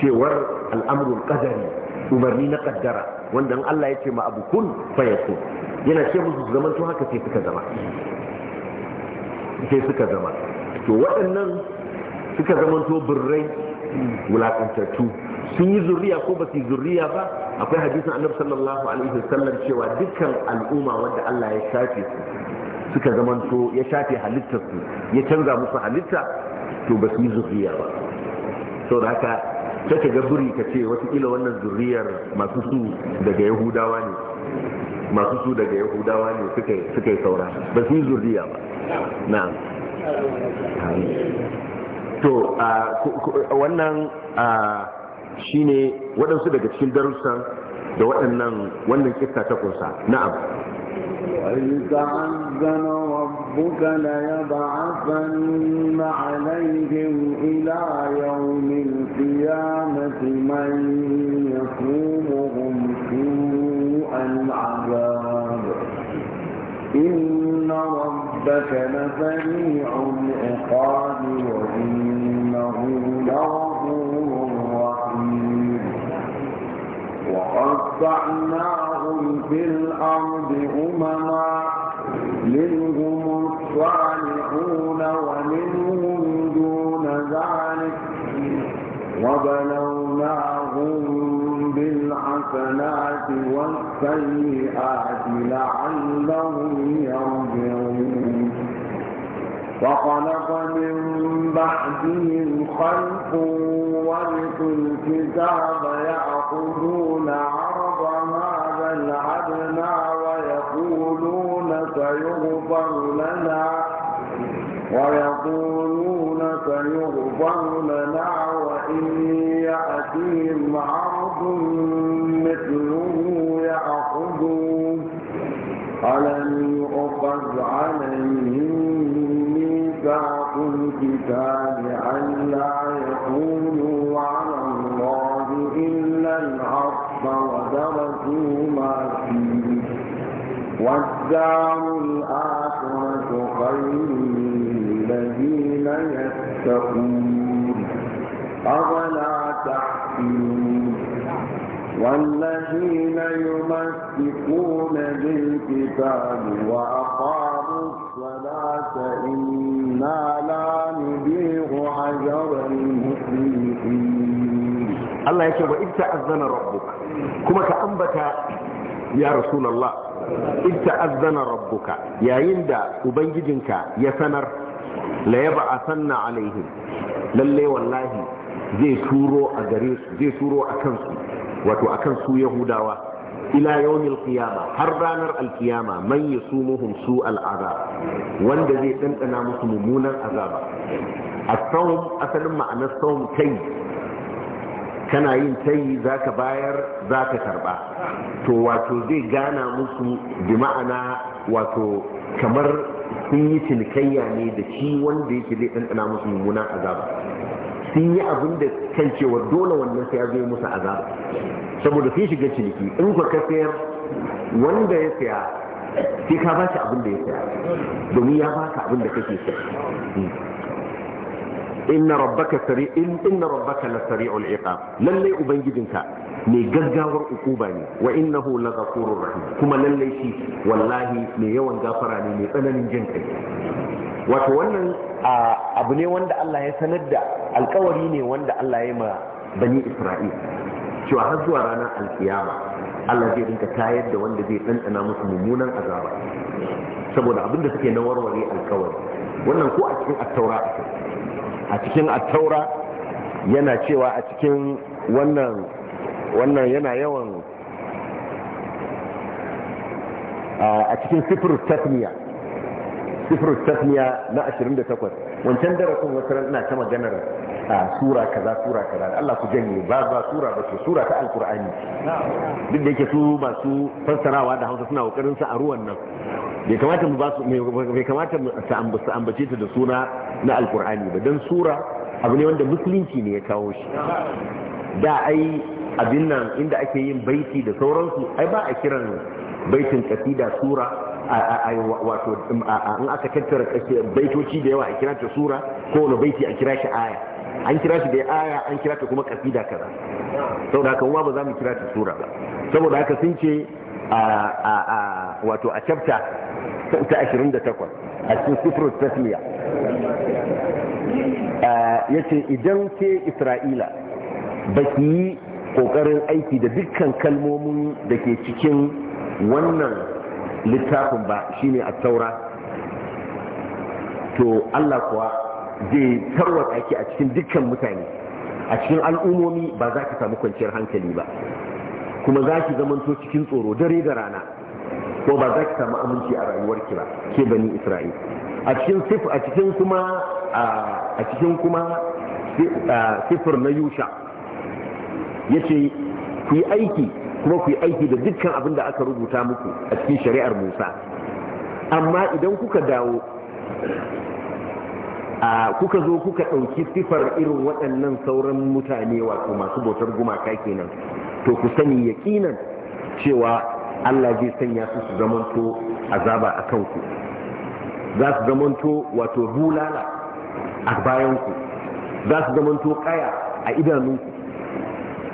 cewar al'amrul qadari umarni na kaddara wanda Allah ya ce ma abu kun fayakun yana ce musu zaman to haka sai suka zama sai suka zama to waɗannan suka zama to birrai wulakantattu sun yi zurriya ko ba su yi zurriya ba akwai hadisin annabi sallallahu alaihi wasallam cewa dukkan al'umma wanda Allah ya shafe su suka zamanto ya shafe halittar su ya canza musu halitta to ba su yi zurriya ba to da haka ta ka ga ka ce watakila wannan zurriyar masu su daga yahudawa ne masu su daga yahudawa ne suka yi saura ba su yi zurriya ba na'am to wannan shine waɗansu daga cikin darussan da waɗannan wannan kissa ta kunsa na'am وإذ تعذن ربك ليبعثن عليهم إلى يوم القيامة من يقومهم سوء العذاب إن ربك لسريع العقاب وإنه لغفور ومتعناهم في الأرض أمما منهم الصالحون ومنهم دون ذلك وبلوناهم بالحسنات والسيئات لعلهم يرجعون وخلق من بعدهم خلق ورث الكتاب يأخذون عرض هذا العدنى ويقولون سيغفر لنا ويقولون سيغفر لنا وإن يأتيهم عرض مثله يأخذون ألم يؤخذ عليهم ميثاق الكتاب أن لا يقولوا على الله إلا الحق ودرسوا ما فيه والدار الآخرة خير للذين يتقون أولا تعلمون والذين يمسكون بالكتاب وأقاموا الصلاة إنا لا نبيع عجر المسلمين الله يكتب إذ تأذن ربك كما كأنبت يا رسول الله إذ تأذن ربك يا يندى وبنجدنك يا سنر ليبعثن عليهم ba'athanna والله زي سورو أدريس زي سورو gare wato akan su yahudawa ila yawmil qiyama har ranar alkiyama man yasumuhum su al'azab wanda zai dandana musu mummunan azaba as-sawm asalin ma'anar sawm kai kana yin tayi zaka bayar zaka karba to wato zai gana musu bi ma'ana wato kamar sun yi cinikayya ne da shi wanda yake zai dandana musu mummunan azaba sun yi abin da kan cewa dole wannan sai ya zo musu azaba saboda sun shiga ciniki in ku ka sayar wanda ya saya sai ka ba shi abin da ya saya domin ya baka abin da kake saya inna rabbaka sari in inna rabbaka la sari'ul iqab lalle ubangijinka mai gaggawar ukuba ne wa innahu la ghafurur rahim kuma lalle shi wallahi mai yawan gafara ne mai tsananin jin kai wato wannan abu ne wanda Allah ya sanar da alkawari ne wanda Allah ya ma bani Isra'il cewa har zuwa ranar alkiyama Allah zai rinka tayar da wanda zai ɗanɗana musu mummunan azaba saboda abin da suke na warware alkawari wannan ko a cikin attaura a cikin attaura yana cewa a cikin wannan wannan yana yawan a cikin sifir tasmiya sifir tasmiya na 28 wancan darasin wata ina ta maganar sura kaza sura kaza Allah ku janye ba ba sura ba ce sura ta alkur'ani duk da yake su masu fassarawa da Hausa suna kokarin sa a ruwan nan bai kamata mu ba su bai kamata mu ambace ta da suna na alkur'ani ba dan sura abu ne wanda musulunci ne ya kawo shi da ai abin nan inda ake yin baiti da sauransu ai ba a kiran baitin kasida sura wato in aka tattara baitoci da yawa a kira ta sura ko wani baiti a kira shi aya an kira shi da aya an kira ta kuma kasida kaza saboda haka kuma ba za mu kira ta sura ba saboda haka sun ce a wato a chapter ta 28 a cikin sifrut tasmiya ya ce idan ke isra'ila ba ki yi ƙoƙarin aiki da dukkan kalmomin da ke cikin wannan littafin ba shine a taura to Allah kuwa zai tarwata ki a cikin dukkan mutane a cikin al'umomi ba za ki samu kwanciyar hankali ba kuma za ki zamanto cikin tsoro dare da rana ko ba za ki samu aminci a rayuwar ki ba ke bani isra'il a cikin sif a kuma a cikin kuma sifir na yusha yace ku yi aiki kuma ku yi aiki da dukkan abin da aka rubuta muku a cikin shari'ar Musa amma idan kuka dawo a kuka zo kuka ɗauki sifar irin waɗannan sauran mutane wato masu bautar gumaka kenan to ku sani yaƙinan cewa Allah zai sanya su su zamanto azaba a kanku za su zamanto wato bulala a bayanku za su zamanto kaya a idanunku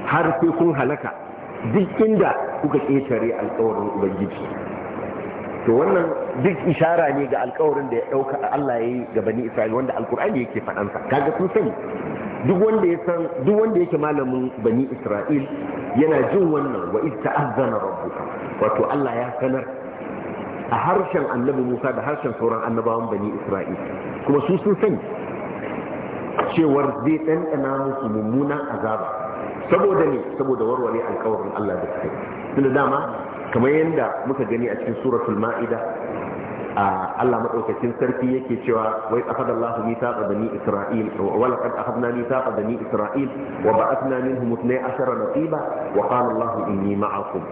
har sai kun halaka duk inda kuka ƙetare alkawarin ubangiji to wannan duk ishara ne ga alkawarin da ya ɗauka a Allah ya yi ga bani Isra'il wanda alkur'ani yake faɗansa kaga kun sani duk wanda ya san duk wanda yake malamin bani Isra'il yana jin wannan wa iz ta'azzana rabbuka wato Allah ya sanar a harshen annabi Musa da harshen sauran annabawan bani Isra'il kuma su sun sani cewar zai ɗanɗana musu mummunan azaba saboda ne saboda warware alkawarin Allah da kai yi tunda dama kamar yadda muka gani a cikin suratul ma'ida Allah maɗaukacin sarki yake cewa wai ni akhadallahu mithaqa ni isra'il wa ni akhadna mithaqa ni isra'il wa min ba'athna minhum na tsiba? wa qala Allahu inni ma'akum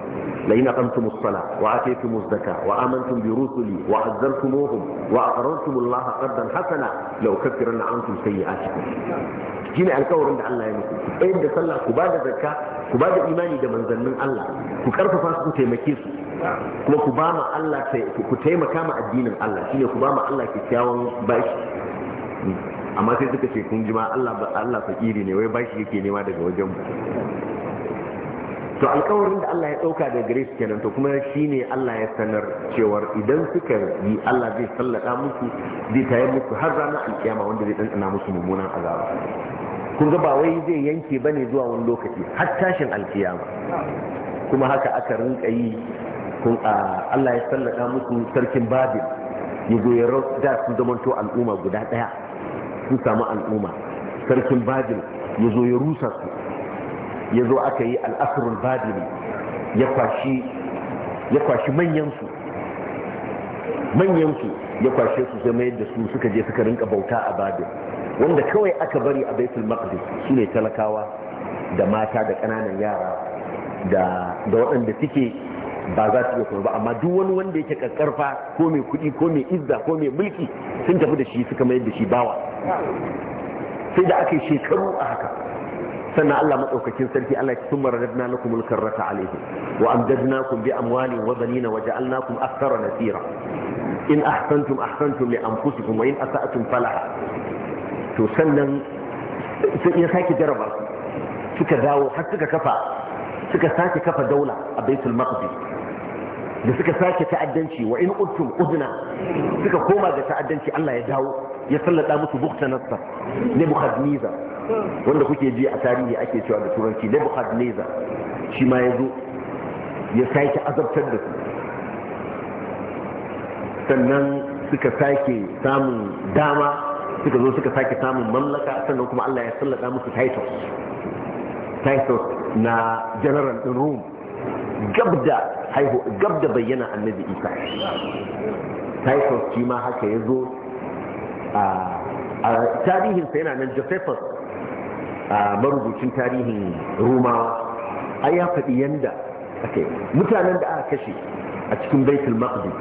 la in aqamtum as-salah wa ataytum az-zakah wa amantum bi rusuli wa azzartumuhum wa aqarrtum Allah qardan hasana la ukaffiranna ankum sayyi'atikum shine alƙawarin da Allah ya muku ɗayan da sallah ku ba da zakka ku ba da imani da manzannin Allah ku ƙarfafa su ku taimake su kuma ku ba ma Allah ku taimaka ma addinin Allah shine ku ba ma Allah kyakkyawan bashi amma sai suka ce kun ji ma Allah ba Allah fakiri ne wai bashi yake nema daga wajen mu to alƙawarin da Allah ya dauka da gare su kenan to kuma ne Allah ya sanar cewar idan suka yi Allah zai sallaka musu zai tayar musu har ranar alkiyama wanda zai dantsana musu mummunan azaba kun ga ba wai zai yanke bane zuwa wani lokaci har tashin alkiyama kuma haka aka rinka yi a Allah ya sallaka musu sarkin babil ya zo ya da su zamanto al'umma guda ɗaya sun samu al'umma sarkin babil ya zo ya rusa su ya zo aka yi al'asrul babili ya kwashi ya kwashi manyan su ya kwashe su zama yadda su suka je suka rinka bauta a babil wanda kawai aka bari a baitul maqdis ne talakawa da mata da ƙananan yara da waɗanda suke ba za su iya koyo ba amma duk wani wanda yake kakkarfa ko mai kuɗi ko mai izza ko mai mulki sun tafi da shi suka mayar da shi bawa sai da aka yi shekaru a haka sannan Allah madaukakin sarki Allah ya tumma radadna na al-karrata alayhi wa amdadnakum bi amwalin wa banina wa ja'alnakum akthara nasira in ahsantum ahsantum li anfusikum wa in asa'tum falaha to sannan sai ya sake jaraba su suka dawo har suka kafa suka sake kafa daula a baitul maqdis da suka sake ta'addanci wa in qultum udna suka koma da ta'addanci Allah ya dawo ya sallada musu bukta nasta Nebuchadnezzar wanda kuke ji a tarihi ake cewa da turanci Nebuchadnezzar shi ma ya zo ya sake azabtar da su sannan suka sake samun dama suka zo suka sake samun mamlaka sannan kuma Allah ya sallata musu Titus Titus na general din Rome gab da haihu gab da bayyana annabi isa typhus shi ma haka ya zo a tarihinsa yana nan josephus marubucin tarihin Roma. A ya faɗi yanda mutanen da aka kashe a cikin baitul maqdis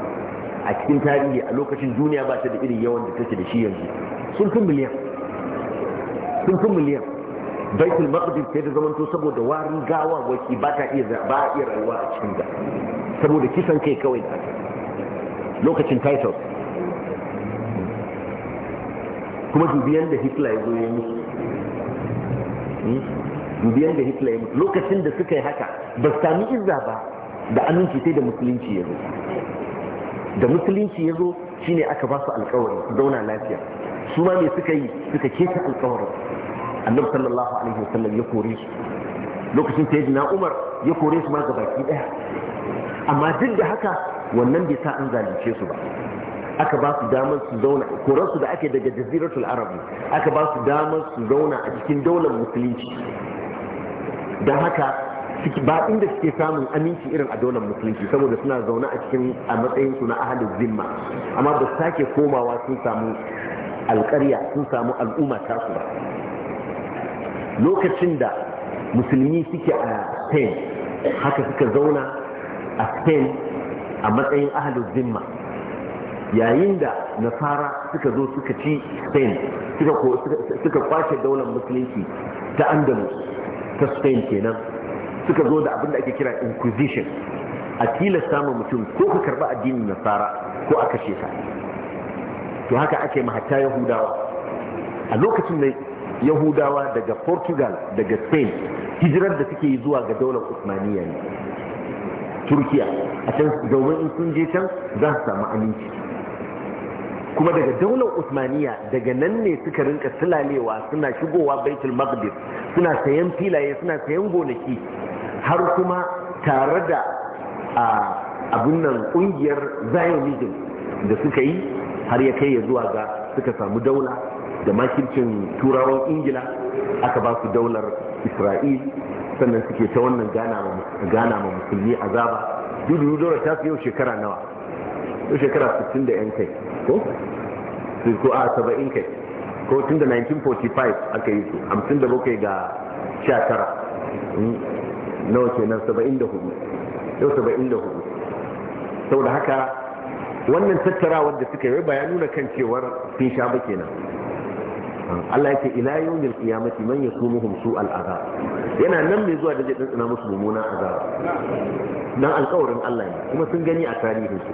a cikin tarihi a lokacin duniya ba ta da irin yawan da take da shi yanzu sun fi miliyan sun fi miliyan baitul maqdis sai da zamanto saboda warin gawa waki ba ta iya ba iya rayuwa a cikin da saboda kisan kai kawai da lokacin titus kuma dubiyan da hitler ya zo ya musu hmm? dubiyan da hitler ya musu lokacin da suka yi haka ba su sami izza ba da aminci sai da musulunci ya zo da musulunci ya zo shine aka ba su alkawari zauna lafiya su ma me suka yi suka keta alkawarin annabi sallallahu alaihi wasallam ya kore su lokacin na umar ya kore su ma gabaki daya amma duk da haka wannan bai sa an zalunce su ba aka ba su damar su zauna su da ake daga jaziratul arabi aka ba su damar su zauna a cikin daular musulunci don haka ba inda suke samun aminci irin a daular musulunci saboda suna zaune a cikin a matsayin su na ahalin zimma amma ba sake komawa sun samu alƙarya sun samu al'umma tasu ba lokacin da musulmi suke a spain haka suka zauna a spain a matsayin ahalus zimma yayin da nasara suka zo suka ci spain suka kwace daular musulunci ta andalus ta spain kenan suka zo da abinda ake kira inquisition a tilasta ma mutum ko ka karba addinin nasara ko a kashe ka to haka ake mahatta yahudawa a lokacin da yahudawa daga portugal daga spain hijirar da suke yi zuwa ga daular usmaniya ne turkiya a can domin in sun je can za su samu aminci kuma daga daular usmaniya daga nan ne suka rinka silalewa suna shigowa baitul maqdis suna sayan filaye suna sayan gonaki har kuma tare da abin nan kungiyar zionism da suka yi har ya kai ya zuwa ga suka samu daula da makircin turawan ingila aka ba su daular isra'il sannan suke ta wannan gana ma musulmi azaba dudu daular ta fi yau shekara nawa yau shekara 60 da yan kai ko ko a 70 kai ko tun da 1945 aka yi su 57 ga 19 hmm, nawa kenan 74 yau 74 saboda haka wannan tattara wadda suka yi ba nuna kan cewar sun sha ba kenan Allah yake ila yawmil qiyamati man yasumuhum su'al azab yana nan mai zuwa da zai dintsina musu mummunan azab dan alƙawarin Allah ne kuma sun gani a tarihin su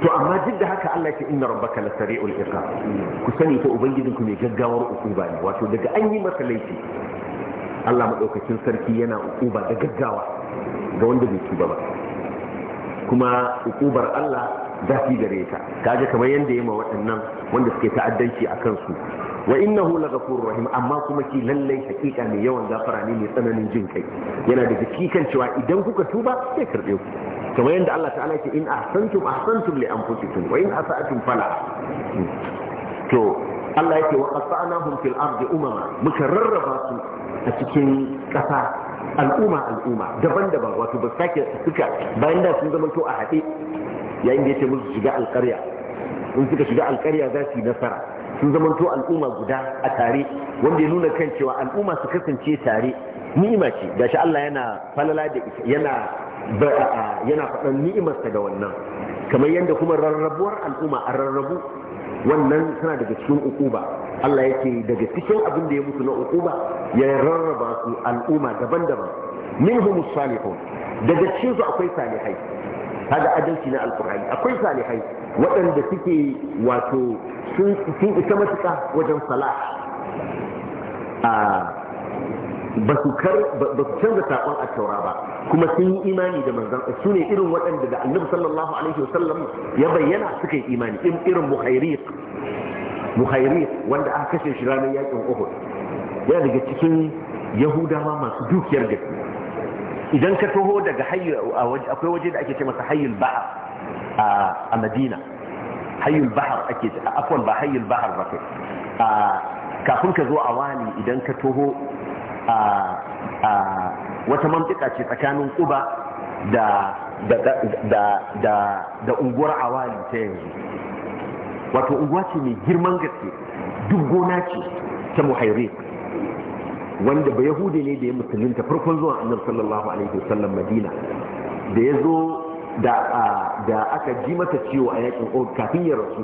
to amma duk da haka Allah yake inna rabbaka lasari'ul iqab ku sani ko ubangijinku mai gaggawar ukuba ne wato daga an yi masa laifi Allah madaukakin sarki yana ukuba da gaggawa ga wanda bai tuba ba kuma ukubar Allah zafi gare ta kaga kamar yadda ya ma waɗannan wanda suke ta'addanci a kansu wa innahu laghafurur rahim amma kuma ki lallai hakika ne yawan gafara ne mai tsananin jin kai yana da kan cewa idan kuka tuba sai karbe ku kamar yadda Allah ta'ala ke in ahsantum ahsantum li anfusikum wa in asa'atum fala to Allah yake wa qasanahum fil ardi umama muka rarraba su a cikin kasa al'umma al'umma daban-daban wato ba sake suka bayan da sun zama to a haɗe yayin da yake musu shiga alƙarya in suka shiga alƙarya za su yi nasara sun zamanto al'umma guda a tare wanda ya nuna kan cewa al'umma su kasance tare ni'ima ce gashi Allah yana falala da yana yana faɗan ni'imarsa da wannan kamar yadda kuma rarrabuwar al'umma a rarrabu wannan suna daga cikin ukuba Allah yake daga cikin abin da ya mutu na ukuba ya rarraba su al'umma daban-daban minhum salihun daga cikin su akwai salihai kaga adalci na alqur'ani akwai salihai waɗanda suke wato sun isa matuƙa wajen salah ba su canza saƙon a taura ba kuma sun yi imani da manzan su ne irin waɗanda da annabi sallallahu alaihi wasallam ya bayyana suka yi imani irin muhairiq muhairiq wanda aka kashe shi ranar yakin uhud yana daga cikin yahudawa masu dukiyar gaske idan ka taho daga hayyu akwai waje da ake ce masa hayyul ba'a a madina hayyul bahar ake afwan ba hayyul bahar ba kai kafin ka zo a wani idan ka toho wata mamtika ce tsakanin kuba da da unguwar awali ta yanzu wato unguwa ce mai girman gaske duk gona ce ta muhairi wanda ba yahudi ne da ya musulunta farkon zuwa annabi sallallahu alaihi wasallam madina da ya zo da aka ji mata ciwo a yakin kafin ya rasu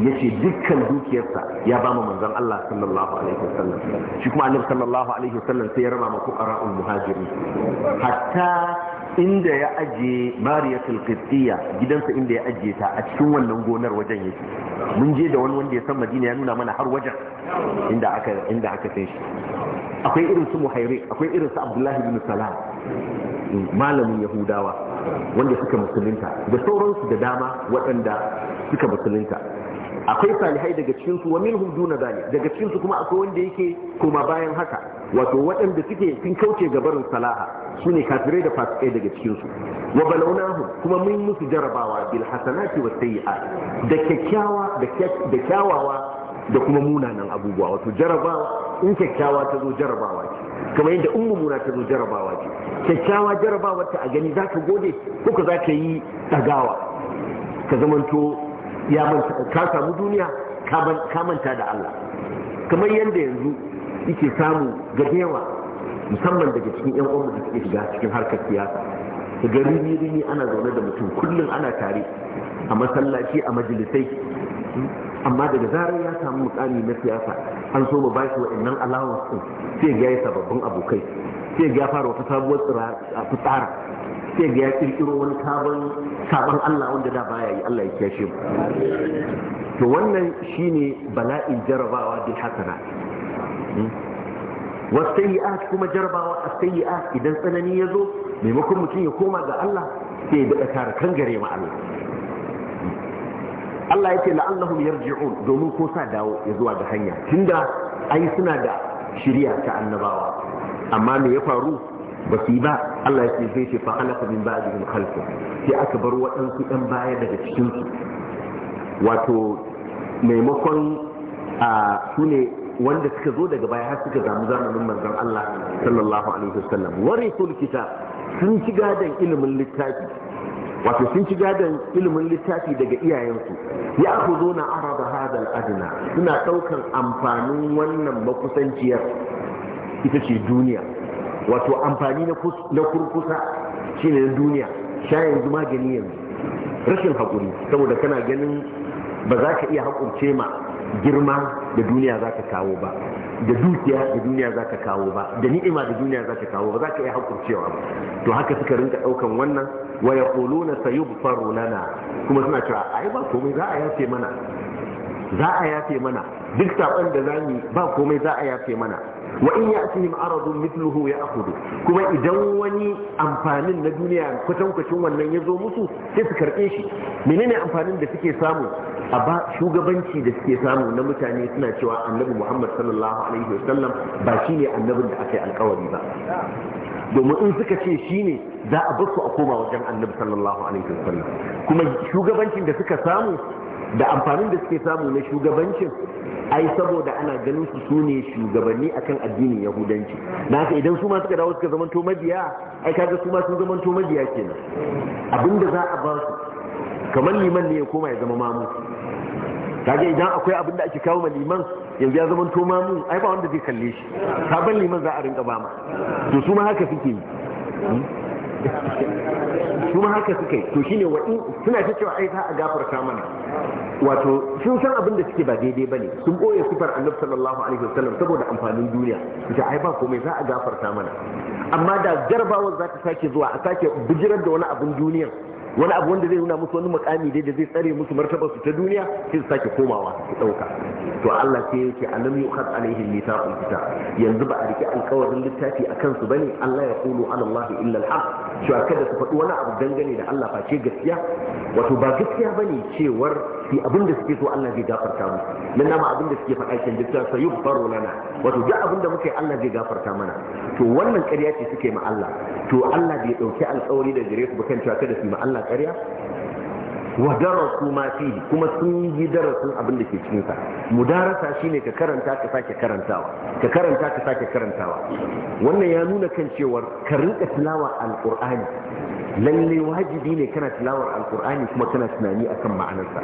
ya ce dukkan dukiyarsa ya ba mu manzon Allah sallallahu alaihi wasallam shi kuma annabi sallallahu alaihi wasallam sai ya rama ma fuqara'ul muhajirin hatta inda ya aje mariyatul qibtiyya gidansa inda ya aje ta a cikin wannan gonar wajen yake mun je da wani wanda ya san Madina ya nuna mana har wajen inda aka inda aka shi akwai irin su muhairi akwai irin abdullahi bin salam malamin yahudawa wanda suka musulunta da sauransu da dama waɗanda suka musulunta akwai salihai daga cikin su wa minhum duna zalik daga cikin kuma akwai wanda yake Kuma bayan haka wato waɗanda suke sun kauce ga barin salaha sune kafirai da fasikai daga cikinsu. su wa balawnahum kuma mun musu jarabawa bil hasanati was sayyi'at da kyakkyawa da kyakkyawawa da kuma munanan abubuwa wato jarabawa in kyakkyawa ta zo jarabawa ce kamar yadda in mummuna ta zo jarabawa ce kyakkyawa jarabawa ta a gani za ka gode ko ka za ka yi ɗagawa ka zamanto ka samu duniya ka manta da Allah kamar yadda yanzu yake samu ga yawa musamman daga cikin yan uwan da suke shiga cikin harkar siyasa ga rini ana zaune da mutum kullum ana tare a masallaci a majalisai amma daga zarar ya samu mukami na siyasa an so ba bashi wa'annan allowance din sai ga ya sababbin abokai sai ga ya fara wata sabuwar fitara, sai ga ya kirkiro wani sabon sabon Allah wanda da baya yi Allah ya kiyashe mu to wannan shine bala'in jarabawa bil hasana hmm? wasayyi'at kuma jarabawa yi idan tsanani ya zo maimakon mutum ya koma ga Allah sai ya daɗa tara kan gare ma Allah Allah ya yake la'allahum yarji'un domin ko sa dawo ya zuwa ga hanya tunda ai suna da shiriya ta annabawa amma me ya faru ba su ba Allah ya ce zai ce fa halaka min ba'dihim khalqu sai aka bar waɗansu ɗan baya daga cikin su wato maimakon a su ne wanda suka zo daga baya har suka zamu zamanin manzon Allah sallallahu alaihi wasallam warithul kitab sun ci gadon ilimin littafi wato sun ci gadon ilimin littafi daga iyayensu ya ku zo na araba hadal adina suna ɗaukan amfanin wannan makusanciyar ita ce duniya wato amfani na kurkusa shi ne duniya sha yanzu magani yanzu rashin haƙuri saboda kana ganin ba za ka iya haƙurce ma girma da duniya za ka kawo ba da dukiya da duniya za ka kawo ba da ni'ima da duniya za ka kawo ba za ka iya hakurcewa ba to haka suka rinka ɗaukan wannan wa ya kuluna sayubfaru lana kuma suna cewa ai ba komai za a yafe mana za a yafe mana duk saɓon da za ba komai za a yafe mana wa in ya'tihim aradun mithluhu ya'khudhu kuma idan wani amfanin na duniya kwatankwacin wannan ya zo musu sai su karbe shi menene amfanin da suke samu a ba shugabanci da suke samu na mutane suna cewa annabi Muhammad sallallahu alaihi wasallam ba shine annabin da aka yi alkawari ba domin in suka ce shi ne za a su a koma wajen annabi sallallahu alaihi wasallam kuma shugabancin da suka samu da amfanin da suke samu na shugabancin ai saboda ana ganin su su ne shugabanni akan addinin yahudanci na haka idan su ma suka dawo suka to mabiya ai kaga su ma sun to mabiya kenan abinda za a ba su kamar liman ne ya koma ya zama mamu kaga idan akwai abin da ake kawo ma liman yanzu ya zaman to mamu ai ba wanda zai kalle shi sabon liman za a rinka ba ma to su ma haka suke yi hmm? su haka suka yi to shine wa'in suna ta cewa ai za a gafarta mana wato sun san abin da suke ba daidai bane sun boye sifar annabi sallallahu alaihi wasallam saboda amfanin duniya ita ai ba komai za a gafarta mana amma da jarabawar za sake zuwa a sake bijirar da wani abin duniya wani abu wanda zai nuna musu wani makami dai da zai tsare musu martabar su ta duniya sai su sake komawa su ɗauka to Allah sai yake a alam yukhad alaihi mithaqul kitab yanzu ba a rike alkawarin littafi akan su bane Allah ya kulu ala Allah illa alhaq cewa kada su faɗi wani abu dangane da Allah face gaskiya wato ba gaskiya bane cewar su abin da suke so Allah zai gafarta musu nan nama abin da suke faɗa kin dukkan sa yubbaru lana wato duk abin da muke Allah zai gafarta mana to wannan ƙarya ce suke ma Allah to Allah bai dauki alƙawari da gare su ba cewa kada su ma Allah ƙarya wa darasu ma fihi kuma sun yi darasin abin da ke cikin sa mudarasa shine ka karanta ka sake karantawa ka karanta ka sake karantawa wannan ya nuna kan cewa ka rinka tilawa alqur'ani lalle wajibi ne kana tilawar alkur'ani kuma kana tunani akan ma'anarsa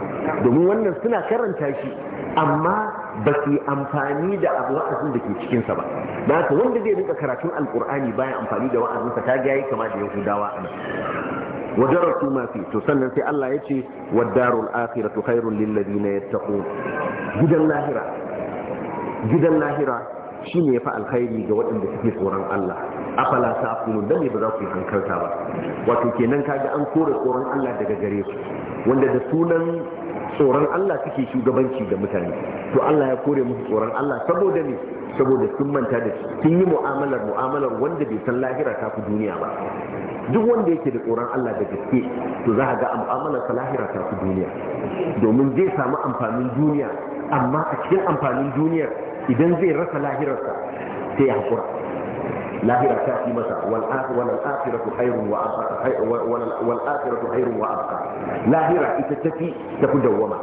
domin wannan suna karanta shi amma ba su yi amfani da abu wa'azin da ke cikinsa ba da haka wanda zai rika karatun alkur'ani bayan amfani da wa'azinsa ta gaya yayi kama da yahudawa a nan ودرسوا ما فيه تسنن في الله يتي والدار الآخرة na للذين يتقون Gidan lahira. Gidan lahira. shi ne ya fi alkhairi ga waɗanda suke tsoron Allah a falasa akulu na ne ba za ku yi hankalta ba wato kenan kaga an kore tsoron Allah daga gare su wanda da sunan tsoron Allah suke shugabanci da mutane to Allah ya kore musu tsoron Allah saboda ne saboda sun manta da sun yi mu'amalar mu'amalar wanda bai san lahira ta fi duniya ba duk wanda yake da tsoron Allah da gaske to za ga mu'amalar sa lahira ta duniya domin zai samu amfanin duniya amma a cikin amfanin duniyar idan zai rasa lahirarsa sai ya haƙura lahira ta fi masa wal akhiratu wa abqa wal akhiratu khairun wa abqa lahira ita tafi tafi dawwama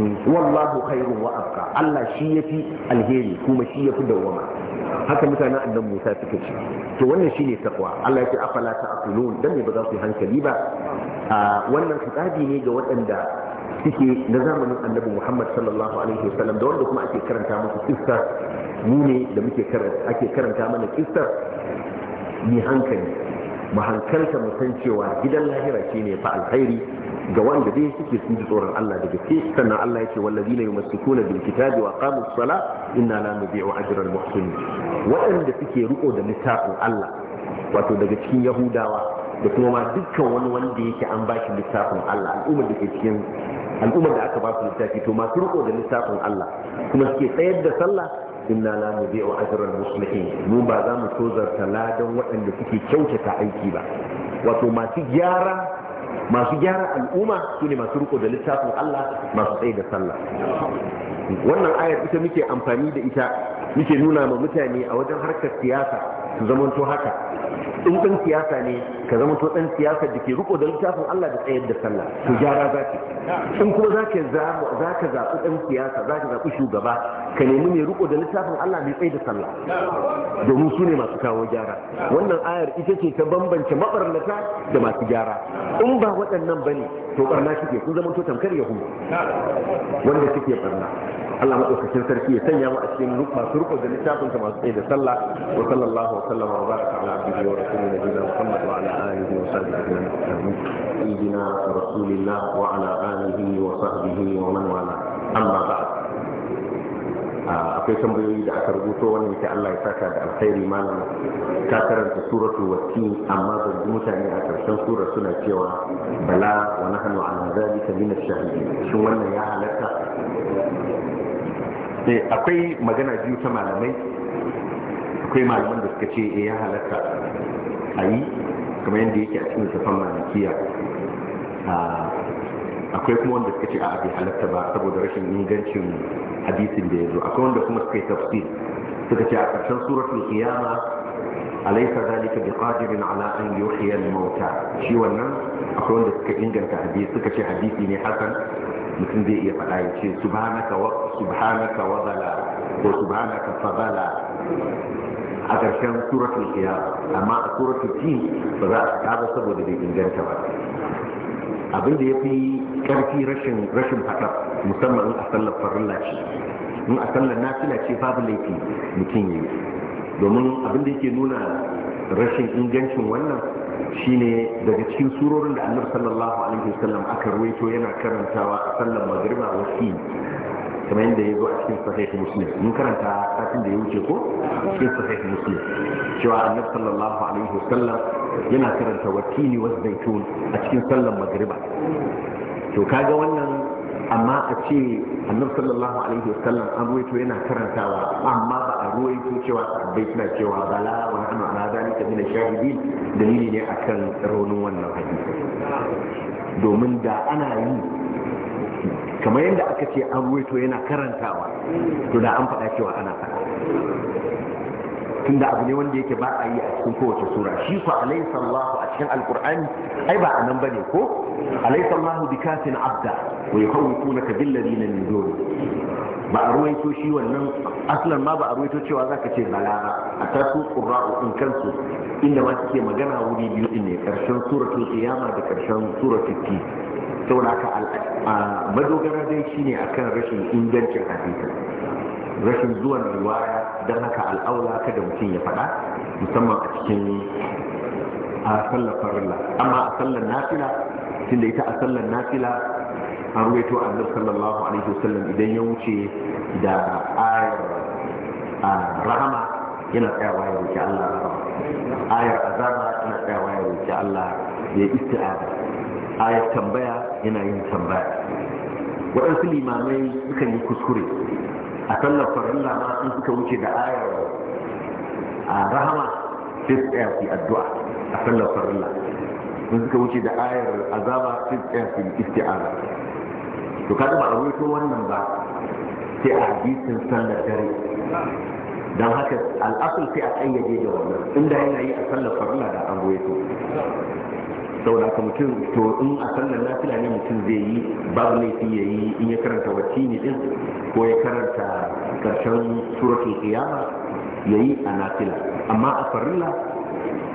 mm, wallahu khairun wa Allah shi fi alheri kuma shi yafi dawwama haka mutanen annan Musa suka ce to wannan shine takwa Allah ya ce afala ta'qilun dan ne ba za su hankali ba wannan kitabi ne ga waɗanda suke na zamanin annabi Muhammad sallallahu alaihi wasallam da wanda kuma ake karanta musu kista mu ne da muke ake karanta mana kista ni hankali mu hankalta mu san cewa gidan lahira shine fa alkhairi ga wanda dai suke sun ji tsoron Allah da gaske sannan Allah yake wallazina kuna bil kitabi wa qamu sala inna la nudhi'u ajra al muhsinin waɗanda suke riko da littafin Allah wato daga cikin Yahudawa da kuma ma dukkan wani wanda yake an shi littafin Allah al'ummar da ke cikin al'ummar da aka ba su littafi to masu riko da littafin Allah kuma suke tsayar da sallah inna la nudhi'u ajra al mu ba za mu tozarta ladan waɗanda suke kyautata aiki ba wato masu gyara masu gyara al'umma su ne masu riko da littafin Allah masu tsaye da sallah wannan ayar ita muke amfani da ita muke nuna ma mutane a wajen harkar siyasa su zamanto haka in ɗan siyasa ne ka zama to ɗan siyasa da ke riko da littafin Allah da tsayar da sallah to gyara za ka in kuma za ka zaɓi ɗan siyasa za ka zaɓi shugaba ka nemi mai riko da littafin Allah mai tsayar da sallah domin su ne masu kawo gyara wannan ayar ita ce ta bambance mabarnata da masu gyara in ba waɗannan ba ne to barna kike kun zama to tamkar yahudu wanda kike barna Allah madaukakin sarki ya sanya mu a cikin masu riko da littafin masu tsayar da sallah wa sallallahu wa sallama wa baraka ala عبده ورسوله نبينا محمد وعلى اله وصحبه اجمعين سيدنا رسول الله وعلى اله وصحبه ومن والاه اما بعد akwai tambayoyi da aka rubuto wanda yake Allah ya saka da alkhairi malam ta karanta suratu wasi amma ban mutane a karshen sura suna cewa bala wa nahnu ala zalika min ash-shahidin wannan ya halatta akwai magana biyu ta malamai akwai malaman da suka ce eh, ya halatta a yi kamar yadda yake a cikin safan malikiya akwai kuma wanda suka ce a bai halatta ba saboda rashin ingancin hadisin da ya zo akwai wanda kuma suka yi tafsir suka ce a ƙarshen suratul qiyama alaysa zalika biqadirin ala an yuhyiya al-mauta shi wannan akwai wanda suka inganta hadisi suka ce hadisi ne hasan mutum zai iya faɗa ya ce subhanaka wa subhanaka wa zalala ko subhanaka fabala a ƙarshen suratul qiyam amma a suratul jin ba za a ta ba saboda bai inganta ba abin da ya fi ƙarfi rashin rashin musamman in a sallar farin ce in a sallar nafila ce babu laifi mutum yi domin abin da yake nuna rashin ingancin wannan shine daga cikin surorin da annabi sallallahu alaihi wasallam aka ruwaito yana karantawa a sallar magriba wasi kamar yadda ya zo a cikin sahih muslim mun karanta kafin da ya wuce ko cikin sahih muslim cewa annabi sallallahu alaihi wasallam yana karanta watini wa zaitun a cikin sallar magriba to kaga wannan amma a ce annabi sallallahu alaihi wasallam an ruwaito yana karantawa amma ba a ruwaito cewa bai tana cewa bala wa nahnu ala zalika min ash-shahidin dalili ne akan raunin wannan hadisi domin da ana yi kamar yadda aka ce an ruwaito yana karantawa to da an faɗa cewa ana faɗa tunda abu ne wanda yake ba a yi a cikin kowace sura shi fa alayhi sallahu a cikin alqur'ani ai ba anan bane ko alayhi sallahu bikasin abda wa yukawwifunaka bil ladina min duni ba a ruwaito shi wannan aslan ma ba a ruwaito cewa zaka ce bala ba a tasu qurra'u in kansu inda ma suke magana wuri biyu din ne karshen suratul qiyama da karshen suratul fi saboda haka a madogara dai shine akan rashin ingancin hadisi rashin zuwan riwaya don haka al'aula kada mutum ya faɗa musamman a cikin a sallar farilla amma a sallar nafila tunda ita a sallar nafila an ruwaito annab sallallahu alaihi wasallam idan ya wuce da ayar rahama yana tsayawa ya wuce Allah ayar azaba yana tsayawa ya wuce Allah ya isti'ada ayat tambaya yana yin tambaya waɗansu limamai suka yi kuskure a sallar farin lama sun suka wuce da ayar a rahama sai su tsaya su addu'a a sallar farilla sun suka wuce da ayar azaba sai su tsaya su isti'aza to kada ba a wuce wannan ba sai a hadisin sallar dare don haka al'asul sai a kayyade da wannan inda yana yi a sallar lama da an wuce saboda haka mutum to in a sallar lafiya ne mutum zai yi babu laifi ya yi in ya karanta wacce ne din ko ya karanta karshen suratul kiyama ya yi a nafila amma a farilla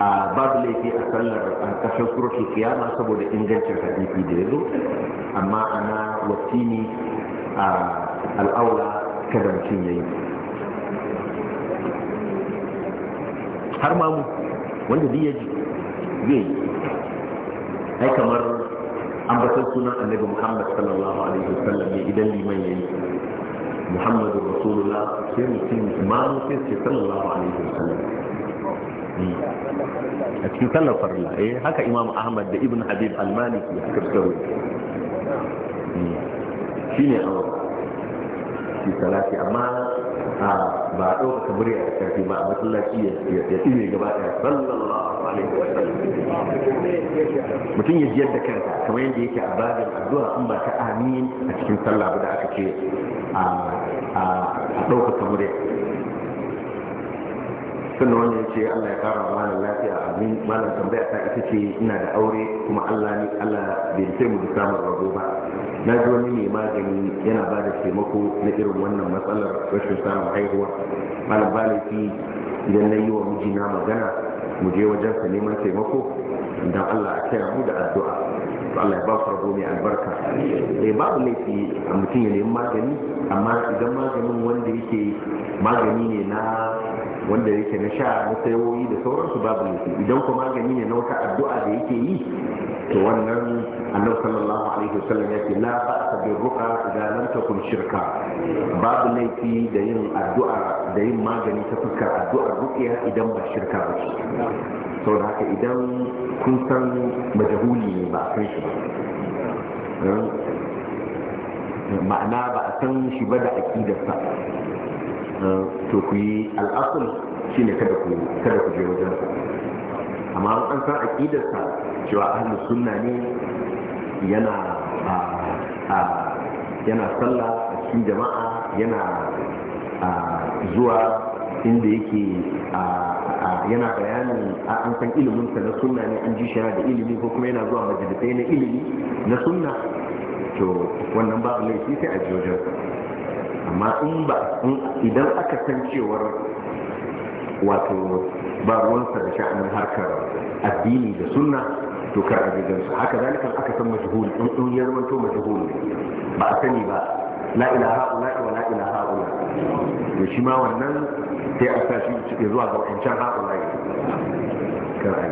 a babu laifi a sallar karshen suratul kiyama saboda ingancin hadisi da yazo amma ana ne a al'aula kada mutum ya yi har mamu wanda zai yi ai kamar ambatar sunan annabi muhammad sallallahu alaihi wasallam ne idan liman yayi muhammadu rasulullah sai mutum imanu sai ce sallallahu alaihi wasallam a cikin sallar farilla eh haka imam ahmad da ibn habib al-maliki suka tsaro shine awon shi salati amma ba a ɗauka kabari a shafi ba a masallaci ya tsire gaba ɗaya sallallahu alaihi wasallam mutum ya jiyar da kansa kamar yadda yake a babin addu'a in ba ta amin a cikin sallah ba da aka ce a ɗaukaka murya sannan wanda ya ce Allah ya kara malam lafiya amin malam tambaya ta ita ce ina da aure kuma Allah ni Allah bai sai mu samun rago ba na ji wani mai magani yana ba da taimako na irin wannan matsalar rashin samun haihuwa malam ba idan na yi wa mijina magana mu je wajen sa neman taimako dan Allah a kira mu da addu'a to Allah ya ba ku rabo mai albarka eh babu laifi mutum ya neman magani amma idan maganin wanda yake magani ne na wanda yake na sha na sayoyi da sauransu babu laifi idan ku magani ne na wata addu'a da yake yi to wannan annabi sallallahu alaihi wasallam yake la ba'sa bi ru'a idza lam takun shirka babu laifi da yin addu'a da yin magani ta fuskar addu'ar ruqya idan ba shirka ba ce saboda haka idan kun san majahuli ne ba san shi ba ma'ana ba a san shi ba da aqidarsa to ku yi al'asul shine kada ku kada ku je wajen amma an san aqidarsa cewa ahlus sunna ne yana yana sallah a cikin jama'a yana zuwa inda yake yana bayanin an san iliminsa na sunna ne an ji shara da ilimi ko kuma yana zuwa majalisai na ilimi na sunna to wannan babu laifi sai a amma in ba idan aka san cewar wato بارون فبشعن الهركة الدين بسنة تكرر بجنس هكذلك الأكثر مجهول أنتم يرمنتم مجهول بأسني بقى لا إلى هؤلاء ولا إلى هؤلاء يشما والنن في أساسي يزوها ذو شاء هؤلاء كرأي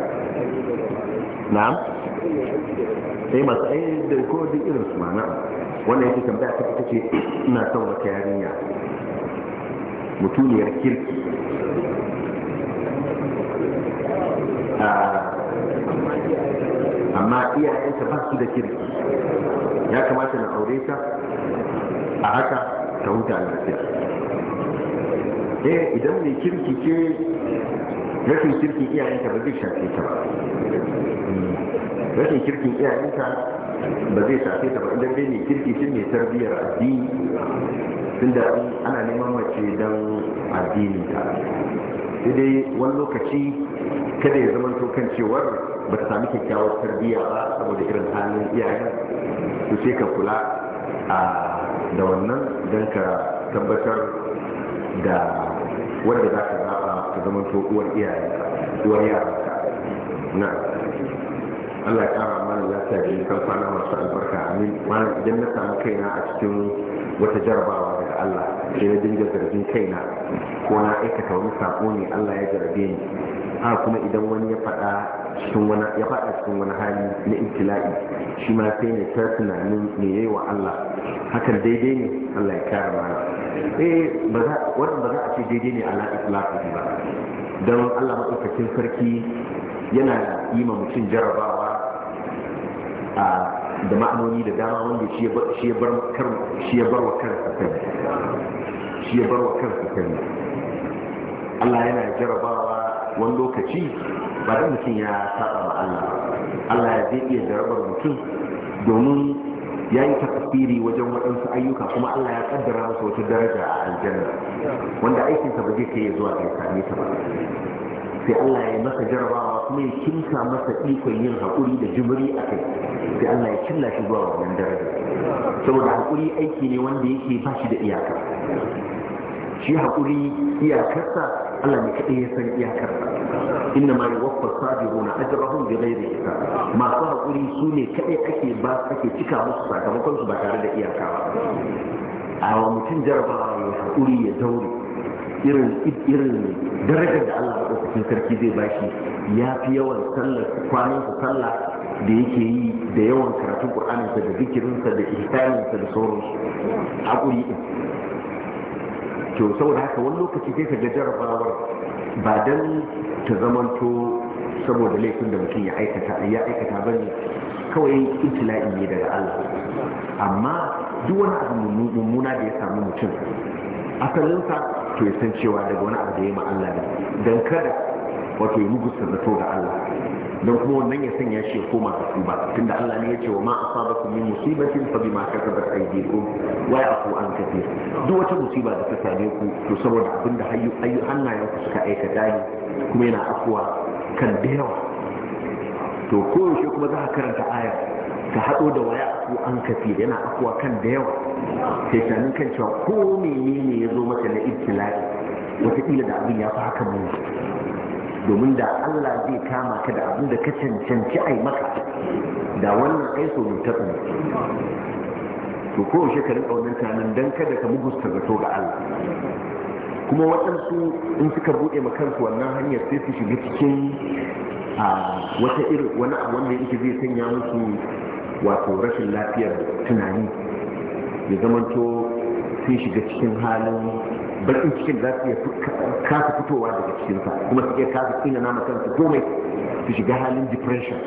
نعم أي ما سأيد الكود إرس ما نعم وانا يجي تنبع تكتشي ما سوى كارية متولي الكركي amma iyayenta ba su da kirki ya kamata na aure ta a haka ta huta lafiya eh idan mai kirki ce rashin kirkin iyayenta ba zai shafe ta ba rashin kirkin iyayenta ba zai shafe ta ba idan dai mai kirki shi mai tarbiyyar addini da ana neman mace don addini ta sai dai wani lokaci kada ya zama to kan cewar ba ta sami kyakkyawar tarbiyya ba saboda irin halin iyayen su sai ka kula a da wannan don ka tabbatar da wanda za ka zaba ka zama to uwar iyayen uwar yaranka na Allah ya kara mana lafiya da yin kwana masu albarka amin wani idan na sami kaina a cikin wata jarabawa daga Allah sai na dinga zargin kaina ko na aikata wani sako ne Allah ya jarabe ni ha kuma idan wani ya faɗa cikin wani ya faɗa cikin wani hali na intilai, shi ma sai ne ta tunanin me yayi wa Allah hakan daidai ne Allah ya kare ma. eh ba za wannan ba za a ce daidai ne ala islahi ba dan Allah madaukakin sarki yana yi ma mutum jarabawa a da ma'anoni da dama wanda shi ya bar shi ya bar wa kansa sai shi ya bar wa kansa sai Allah yana jarabawa wani lokaci ba da mutum ya saba ba Allah Allah ya zai iya jarabar mutum domin ya yi tafsiri wajen waɗansu ayyuka kuma Allah ya kaddara masa wata daraja a aljanna wanda aikinsa ba zai kai zuwa ga same ta ba sai Allah ya masa jarabawa kuma ya kimsa masa ikon yin haƙuri da jimiri a kai sai Allah ya cilla shi zuwa wannan daraja saboda haƙuri aiki ne wanda yake ba shi da iyaka shi haƙuri iyakarsa Allah ne kaɗai ya san iyakarsa inna ma yuwaffa sabiruna ajrahum bi ghairi hisab masu haƙuri su ne kaɗai ake ba ake cika musu sakamakon su ba tare da iyaka a wa mutum jarabawa ya haƙuri ya daure irin irin darajar da Allah ya maɗaukakin sarki zai ba shi ya fi yawan sallar kwanan su sallah da yake yi da yawan karatun ƙur'aninsa da zikirinsa da ihsaninsa da sauransu haƙuri to saboda haka wani lokaci sai ka ga jarabawar ba dan ta zamanto saboda laifin da mutum ya aikata ya aikata ne kawai itila'i ne daga Allah amma duk wani abu mummuna da ya samu mutum asalinsa to ya san cewa daga wani abu da ya ma Allah ne dan kada wato ya mugu zato ga Allah don kuma wannan ya sanya shi koma su ba tunda Allah ne ya ce wa ma asabakum min musibatin fa bima kasabat aydikum wa ya'fu an kathir duk wata musiba da ta same ku to saboda abinda hayyu ayyu hannayen ku suka aikata ne kuma yana afuwa kan da yawa to koyaushe kuma za ka karanta aya ka haɗo da waya ko an kafi yana afuwa kan da yawa sai tunanin kan cewa ko menene ya zo maka na ibtila'i wataƙila da abin ya fi haka mu domin da Allah zai kama ka da abin da ka cancanci a yi maka da wannan kai so mai taɓa ne to kowace ka rika wannan tanan don kada ka ta zato ga Allah kuma waɗansu in suka buɗe kansu wannan hanyar sai su shiga cikin wata irin wani abu wanda yake zai sanya musu wato rashin lafiyar tunani ya zamanto sun shiga cikin halin bakin cikin za su iya kasa fitowa daga cikinsa kuma su iya kasa ina na makansu komai su shiga halin depression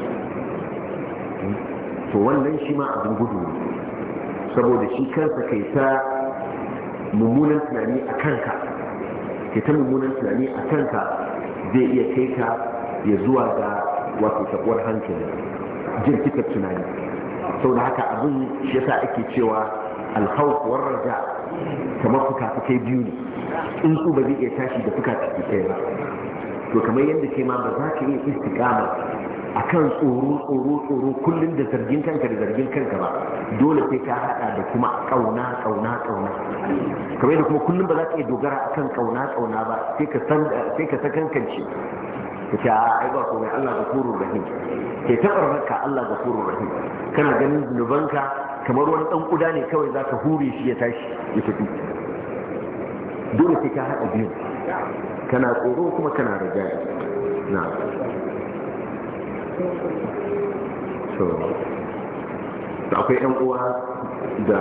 to wannan shi ma abin gudu ne saboda shi kansa kai ta mummunan tunani a kanka kai ta mummunan tunani a kanka zai iya kai ka ya zuwa ga wato sabuwar hankali jirkitar tunani sau da haka abin shi yasa ake cewa alhawar raja kamar fuka kai biyu ne in su ba zai iya tashi da fuka-fuki ɗaya ba to kamar yadda ke ma ba za ka iya istiƙama a kan tsoro tsoro tsoro kullum da zargin kanka da zargin kanka ba dole sai ka haɗa da kuma ƙauna ƙauna ƙauna kamar yadda kuma kullum ba za ka iya dogara a kan ƙauna ƙauna ba sai ka sakankance ka ce a ai ba komai Allah gafurur rahim ke taɓar maka Allah gafurur rahim kana ganin zunubanka kamar wani dan kuda ne kawai zaka hure shi ya tashi ya tafi dole sai ka haɗa biyu kana tsoro kuma kana riga na so da akwai yan uwa da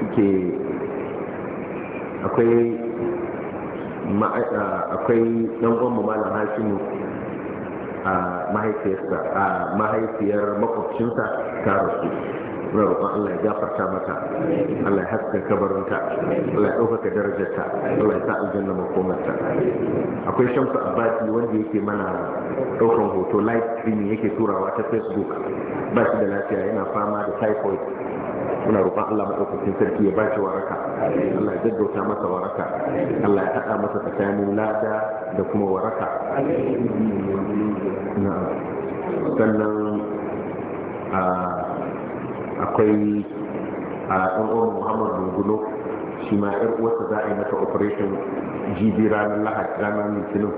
suke akwai akwai dan uwan malam mahaifiyarsa a mahaifiyar makwabcinsa ta rasu muna roƙon Allah ya gafarta mata Allah ya haska kabarinta Allah ya ɗaukaka darajarta Allah ya sa aljanna makomarta akwai shamsu abbasi wanda yake mana ɗaukan hoto live streaming yake turawa ta facebook ba shi da lafiya yana fama da typhoid muna roƙon Allah madaukakin sarki ya bashi waraka Allah ya jaddauta masa waraka Allah ya haɗa masa tsakanin lada da kuma waraka sannan akwai a ɗan'uwan Muhammadu Muhammad shi ma 'yar uwarsa za a yi mata operation jibi ranar lahadi ranar litinin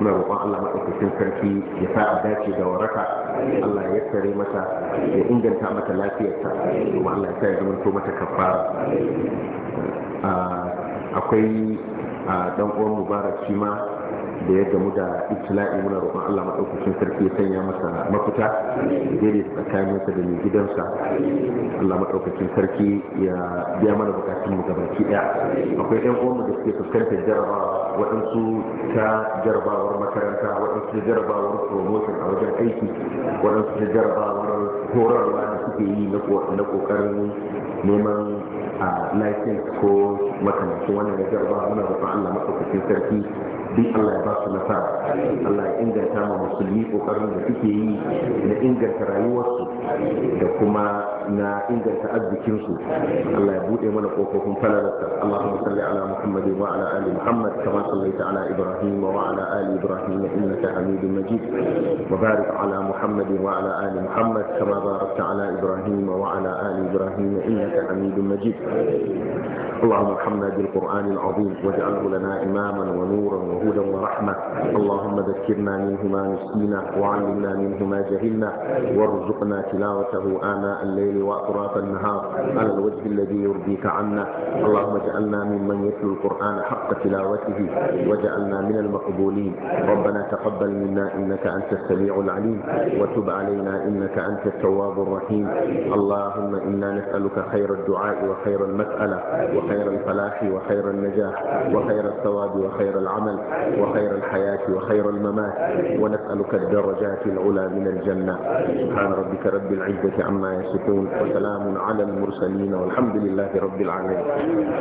na roƙon Allah maɗaukakin sarki ya sa a dace da waraka Allah ya tsare mata ya inganta mata lafiyarta kuma Allah ya sa ya zamanto mata kafara akwai dan uwan mubarak shi ma da ya gamu da ibtila'i muna roƙon Allah maɗaukacin sarki ya sanya masa mafita tsakanin tsakaninsa da mai gidansa Allah maɗaukacin sarki ya biya mana bukatun mu gabaki ɗaya akwai ɗan uwanmu da suke fuskantar jarabawa waɗansu ta jarabawar makaranta waɗansu ta jarabawar promotion a wajen aiki waɗansu ta jarabawar horarwa da suke yi na ƙoƙarin neman a ah, license ko makamashi wannan ya jarabawa muna roƙon Allah maɗaukacin sarki duk Allah ya ba su nasara Allah ya inganta ma musulmi kokarin da suke yi na inganta rayuwarsu da kuma na inganta arzikinsu Allah ya bude mana kofofin falalarsa Allahumma salli ala Muhammad wa ala ali Muhammad kama sallaita ala Ibrahim wa ala ali Ibrahim innaka Hamidum Majid wa barik ala Muhammad wa ala ali Muhammad kama barakta ala Ibrahim wa ala ali Ibrahim innaka Hamidum Majid اللهم ارحمنا بالقرآن العظيم واجعله لنا إماما ونورا وهدى ورحمة اللهم ذكرنا منه ما نسينا وعلمنا منه ما جهلنا وارزقنا تلاوته آناء الليل وأطراف النهار على الوجه الذي يرضيك عنا اللهم اجعلنا ممن يتلو القرآن حق تلاوته واجعلنا من المقبولين ربنا تقبل منا إنك أنت السميع العليم وتب علينا إنك أنت التواب الرحيم اللهم إنا نسألك خير الدعاء وخير المسألة خير الفلاح وخير النجاح وخير الثواب وخير العمل وخير الحياة وخير الممات ونسألك الدرجات العلى من الجنة سبحان ربك رب العزة عما يصفون وسلام على المرسلين والحمد لله رب العالمين